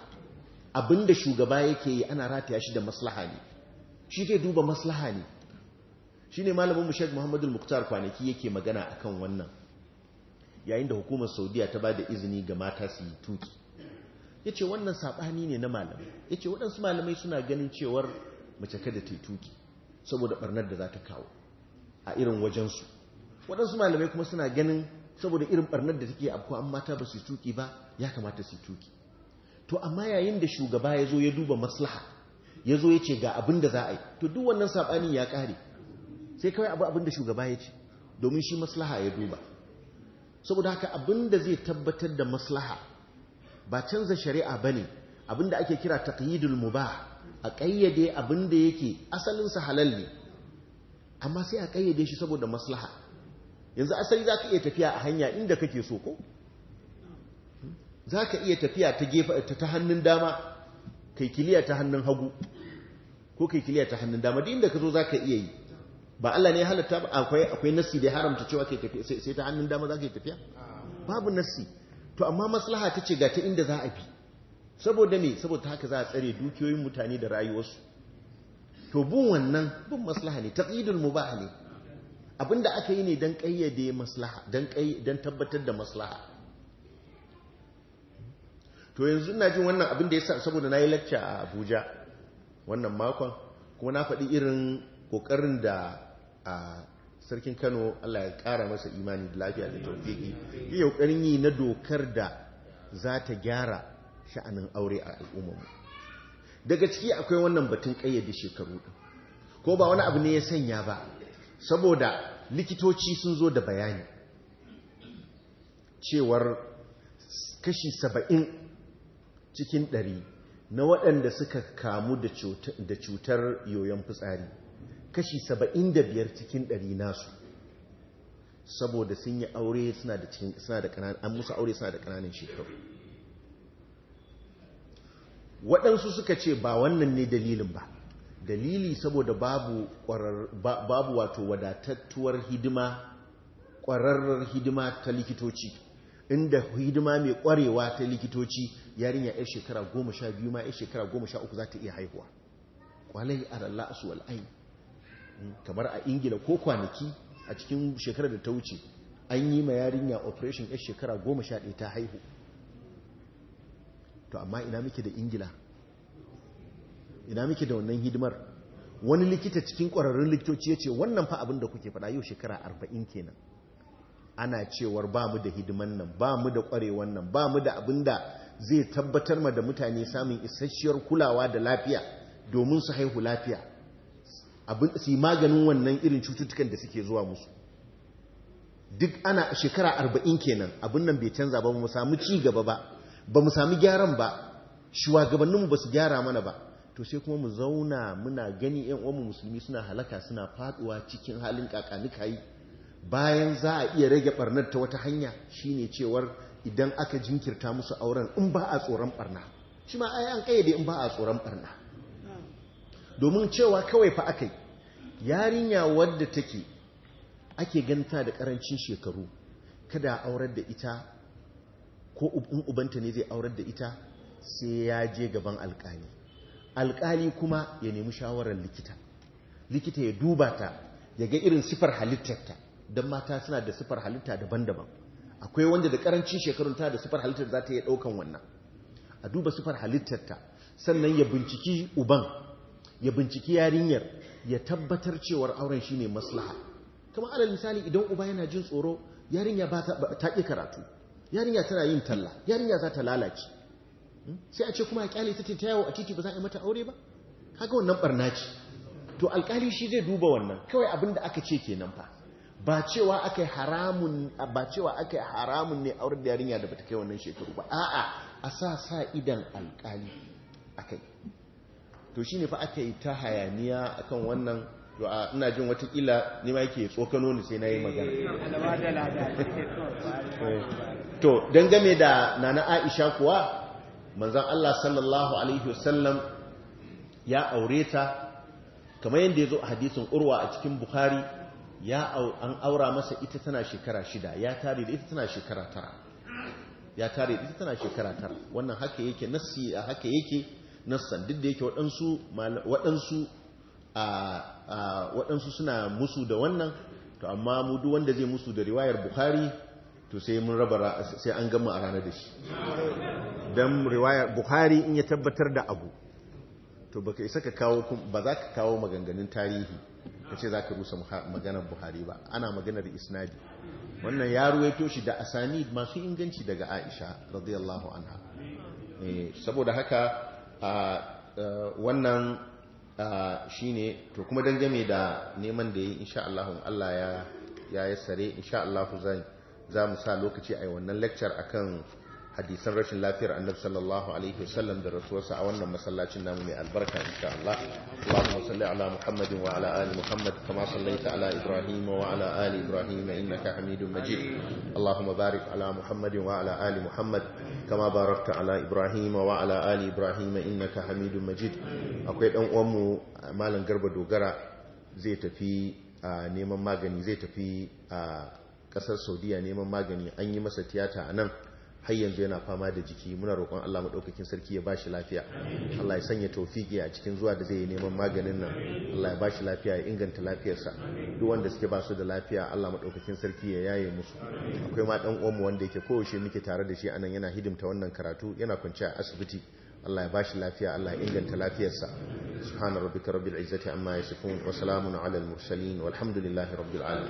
da shugaba yake yi ana rataya shi da maslaha ne shi ke duba maslaha ne Shi ne malamin mu Sheikh Muhammadu Muktar kwanaki yake magana akan wannan yayin da hukumar Saudiya ta ba da izini ga mata su yi tuki ya ce wannan saɓani ne na malamai ya ce waɗansu malamai suna ganin cewar mace kada ta yi tuki saboda ɓarnar da za ta kawo a irin wajensu waɗansu malamai kuma suna ganin saboda irin ɓarnar da take afko an mata ba su tuki ba ya kamata su tuki to amma yayin da shugaba ya zo ya duba maslaha ya zo ya ce ga abin da za a yi to duk wannan saɓani ya ƙare sai kawai abu abin da shugaba ya ce domin shi maslaha ya duba saboda haka abin da zai tabbatar da maslaha ba canza shari'a bane abinda ake kira taqyidul mubah a kayyade abinda yake asalinsa halal ne amma sai a kayyade shi saboda maslaha yanzu asali za ka iya tafiya a hanya inda kake so ko ka iya tafiya ta ta hannun dama kai kiliya ta hannun hagu ko kai kiliya ta hannun dama duk inda ka zo za ka iya yi ba Allah ne ya halatta akwai akwai nassi da ya haramta cewa kai tafi sai ta hannun dama zaka yi tafiya babu nassi to amma maslaha ta ce ga ta inda za a bi saboda me saboda haka za a tsare dukiyoyin mutane da rayuwarsu to bin wannan bin maslaha ne taqidul mubah ne abinda aka yi ne dan kayyade maslaha dan dan tabbatar da maslaha to yanzu ina jin wannan abin da yasa saboda nayi lacca a Abuja wannan makon kuma na faɗi irin kokarin da sarkin Kano Allah ya ƙara masa imani da lafiya da taufiki yi ƙoƙarin yi na dokar da za ta gyara sha'anin aure a al'ummarmu daga ciki akwai wannan batun ƙayyade shekaru ɗin ko ba wani abu ne ya sanya ba saboda likitoci sun zo da bayani cewar kashi saba'in cikin ɗari na waɗanda suka kamu da cutar yoyon fitsari kashi saba'in da biyar cikin ɗari nasu saboda sun yi aure suna da cikin ƙananan an musu aure suna da ƙananan shekaru waɗansu suka ce ba wannan ne dalilin ba dalili saboda babu babu wato wadatattuwar hidima ƙwararrar hidima ta likitoci inda hidima mai ƙwarewa ta likitoci yarinya 'yar shekara goma sha biyu ma 'yar shekara goma sha uku za ta iya haihuwa kwalai a ralla'asu aini. kamar a ingila ko kwanaki a cikin shekarar da ta wuce an yi ma yarinya operation yar shekara goma sha ɗaya ta haihu to amma ina muke da ingila ina muke da wannan hidimar wani likita cikin ƙwararrun likitoci ya ce wannan fa abin da kuke faɗa yau shekara arba'in kenan ana cewar ba mu da hidiman nan ba mu da ƙwarewan nan ba mu da abin da zai tabbatar ma da mutane samun isasshiyar kulawa da lafiya domin su haihu lafiya abin su maganin wannan irin cututtukan da suke zuwa musu duk ana shekara arba'in kenan abin nan bai canza ba mu samu ci gaba ba ba mu samu gyaran ba shugabanninmu ba su gyara mana ba to sai kuma mu zauna muna gani yan uwanmu musulmi suna halaka suna faduwa cikin halin kakanikayi bayan za a iya rage barnar ta wata hanya shine cewar idan aka jinkirta musu auren in ba a tsoron barna shi ma ai an kayyade in ba a tsoron barna domin cewa kawai fa akai yarinya wadda take ake ganta da karancin shekaru kada aurar da ita ko in ubanta ne zai aurar da ita sai ya je gaban alkali alkali kuma ya nemi shawarar likita likita ya duba ta ya ga irin sifar halittarta don mata suna da sifar halitta daban-daban akwai wanda da karancin shekarun ta da sifar halittar za ta iya daukan wannan a duba sifar halittarta sannan ya binciki uban ya binciki yarinyar ya tabbatar cewar auren shine maslaha kamar alal misali idan uba yana jin tsoro yarinya ba ta ƙi karatu yarinya tana yin talla yarinya za ta lalace hmm? sai a ce kuma alƙali ta ta yawo a titi ba za a yi mata aure ba kaga wannan barna ce to alƙali shi zai duba wannan kawai abin da aka ce kenan fa ba cewa aka haramun ba cewa aka haramun ne auren da yarinya da bata kai wannan shekaru ba a'a a sa sa idan alƙali akai to shi ne fa aka yi ta hayaniya akan wannan to ina jin watakila ni ma yake tsokano ni sai na yi magana eh, eh, to dangane da nana aisha kuwa manzan Allah sallallahu alaihi wasallam ya aure ta kamar yadda ya zo a hadisun urwa a cikin bukhari ya an aura masa ita tana shekara shida ya tare da ita tana shekara tara ya tare da ita tana shekara tara wannan haka yake nassi haka yake nassan duk da yake waɗansu waɗansu suna musu da wannan to amma mu wanda zai musu da riwayar bukhari to sai mun raba sai an gama a ranar da shi don riwayar bukhari in ya tabbatar da abu to baka isa ka kawo ba za ka kawo maganganun tarihi ka ce za ka rusa maganar buhari ba ana maganar isnadi wannan ya ruwaito shi da asani masu inganci daga aisha radiyallahu anha eh, saboda haka wannan shi ne to kuma don game da neman da ya yi insha Allah ya yassare insha Allahu za mu sa lokaci a yi wannan lecture akan hadisan rashin lafiyar annabi sallallahu alaihi wasallam da rasuwarsa a wannan masallacin namu mai albarka insha Allah Allahumma salli ala Muhammadin wa ala ali Muhammad kama sallaita ala Ibrahim wa ala ali Ibrahim innaka Hamidum Majid Allahumma barik ala Muhammadin wa ala ali Muhammad kama barakta ala Ibrahim wa ala ali Ibrahim innaka Hamidum Majid akwai dan uwan mu Malam Garba Dogara zai tafi neman magani zai tafi a kasar Saudiya neman magani an yi masa tiyata a nan har yanzu yana fama da jiki muna roƙon Allah maɗaukakin sarki ya bashi lafiya Allah ya sanya taufiki a cikin zuwa da zai yi neman maganin nan Allah ya bashi lafiya ya inganta lafiyarsa duk wanda suke ba su da lafiya Allah maɗaukakin sarki ya yaye musu akwai ma ɗan uwanmu wanda yake koyaushe muke tare da shi nan yana hidimta wannan karatu yana kwanciya a asibiti Allah ya bashi lafiya Allah ya inganta lafiyarsa subhana rabbika rabbil izzati amma yasifun wa salamun ala al mursalin walhamdulillahi rabbil alamin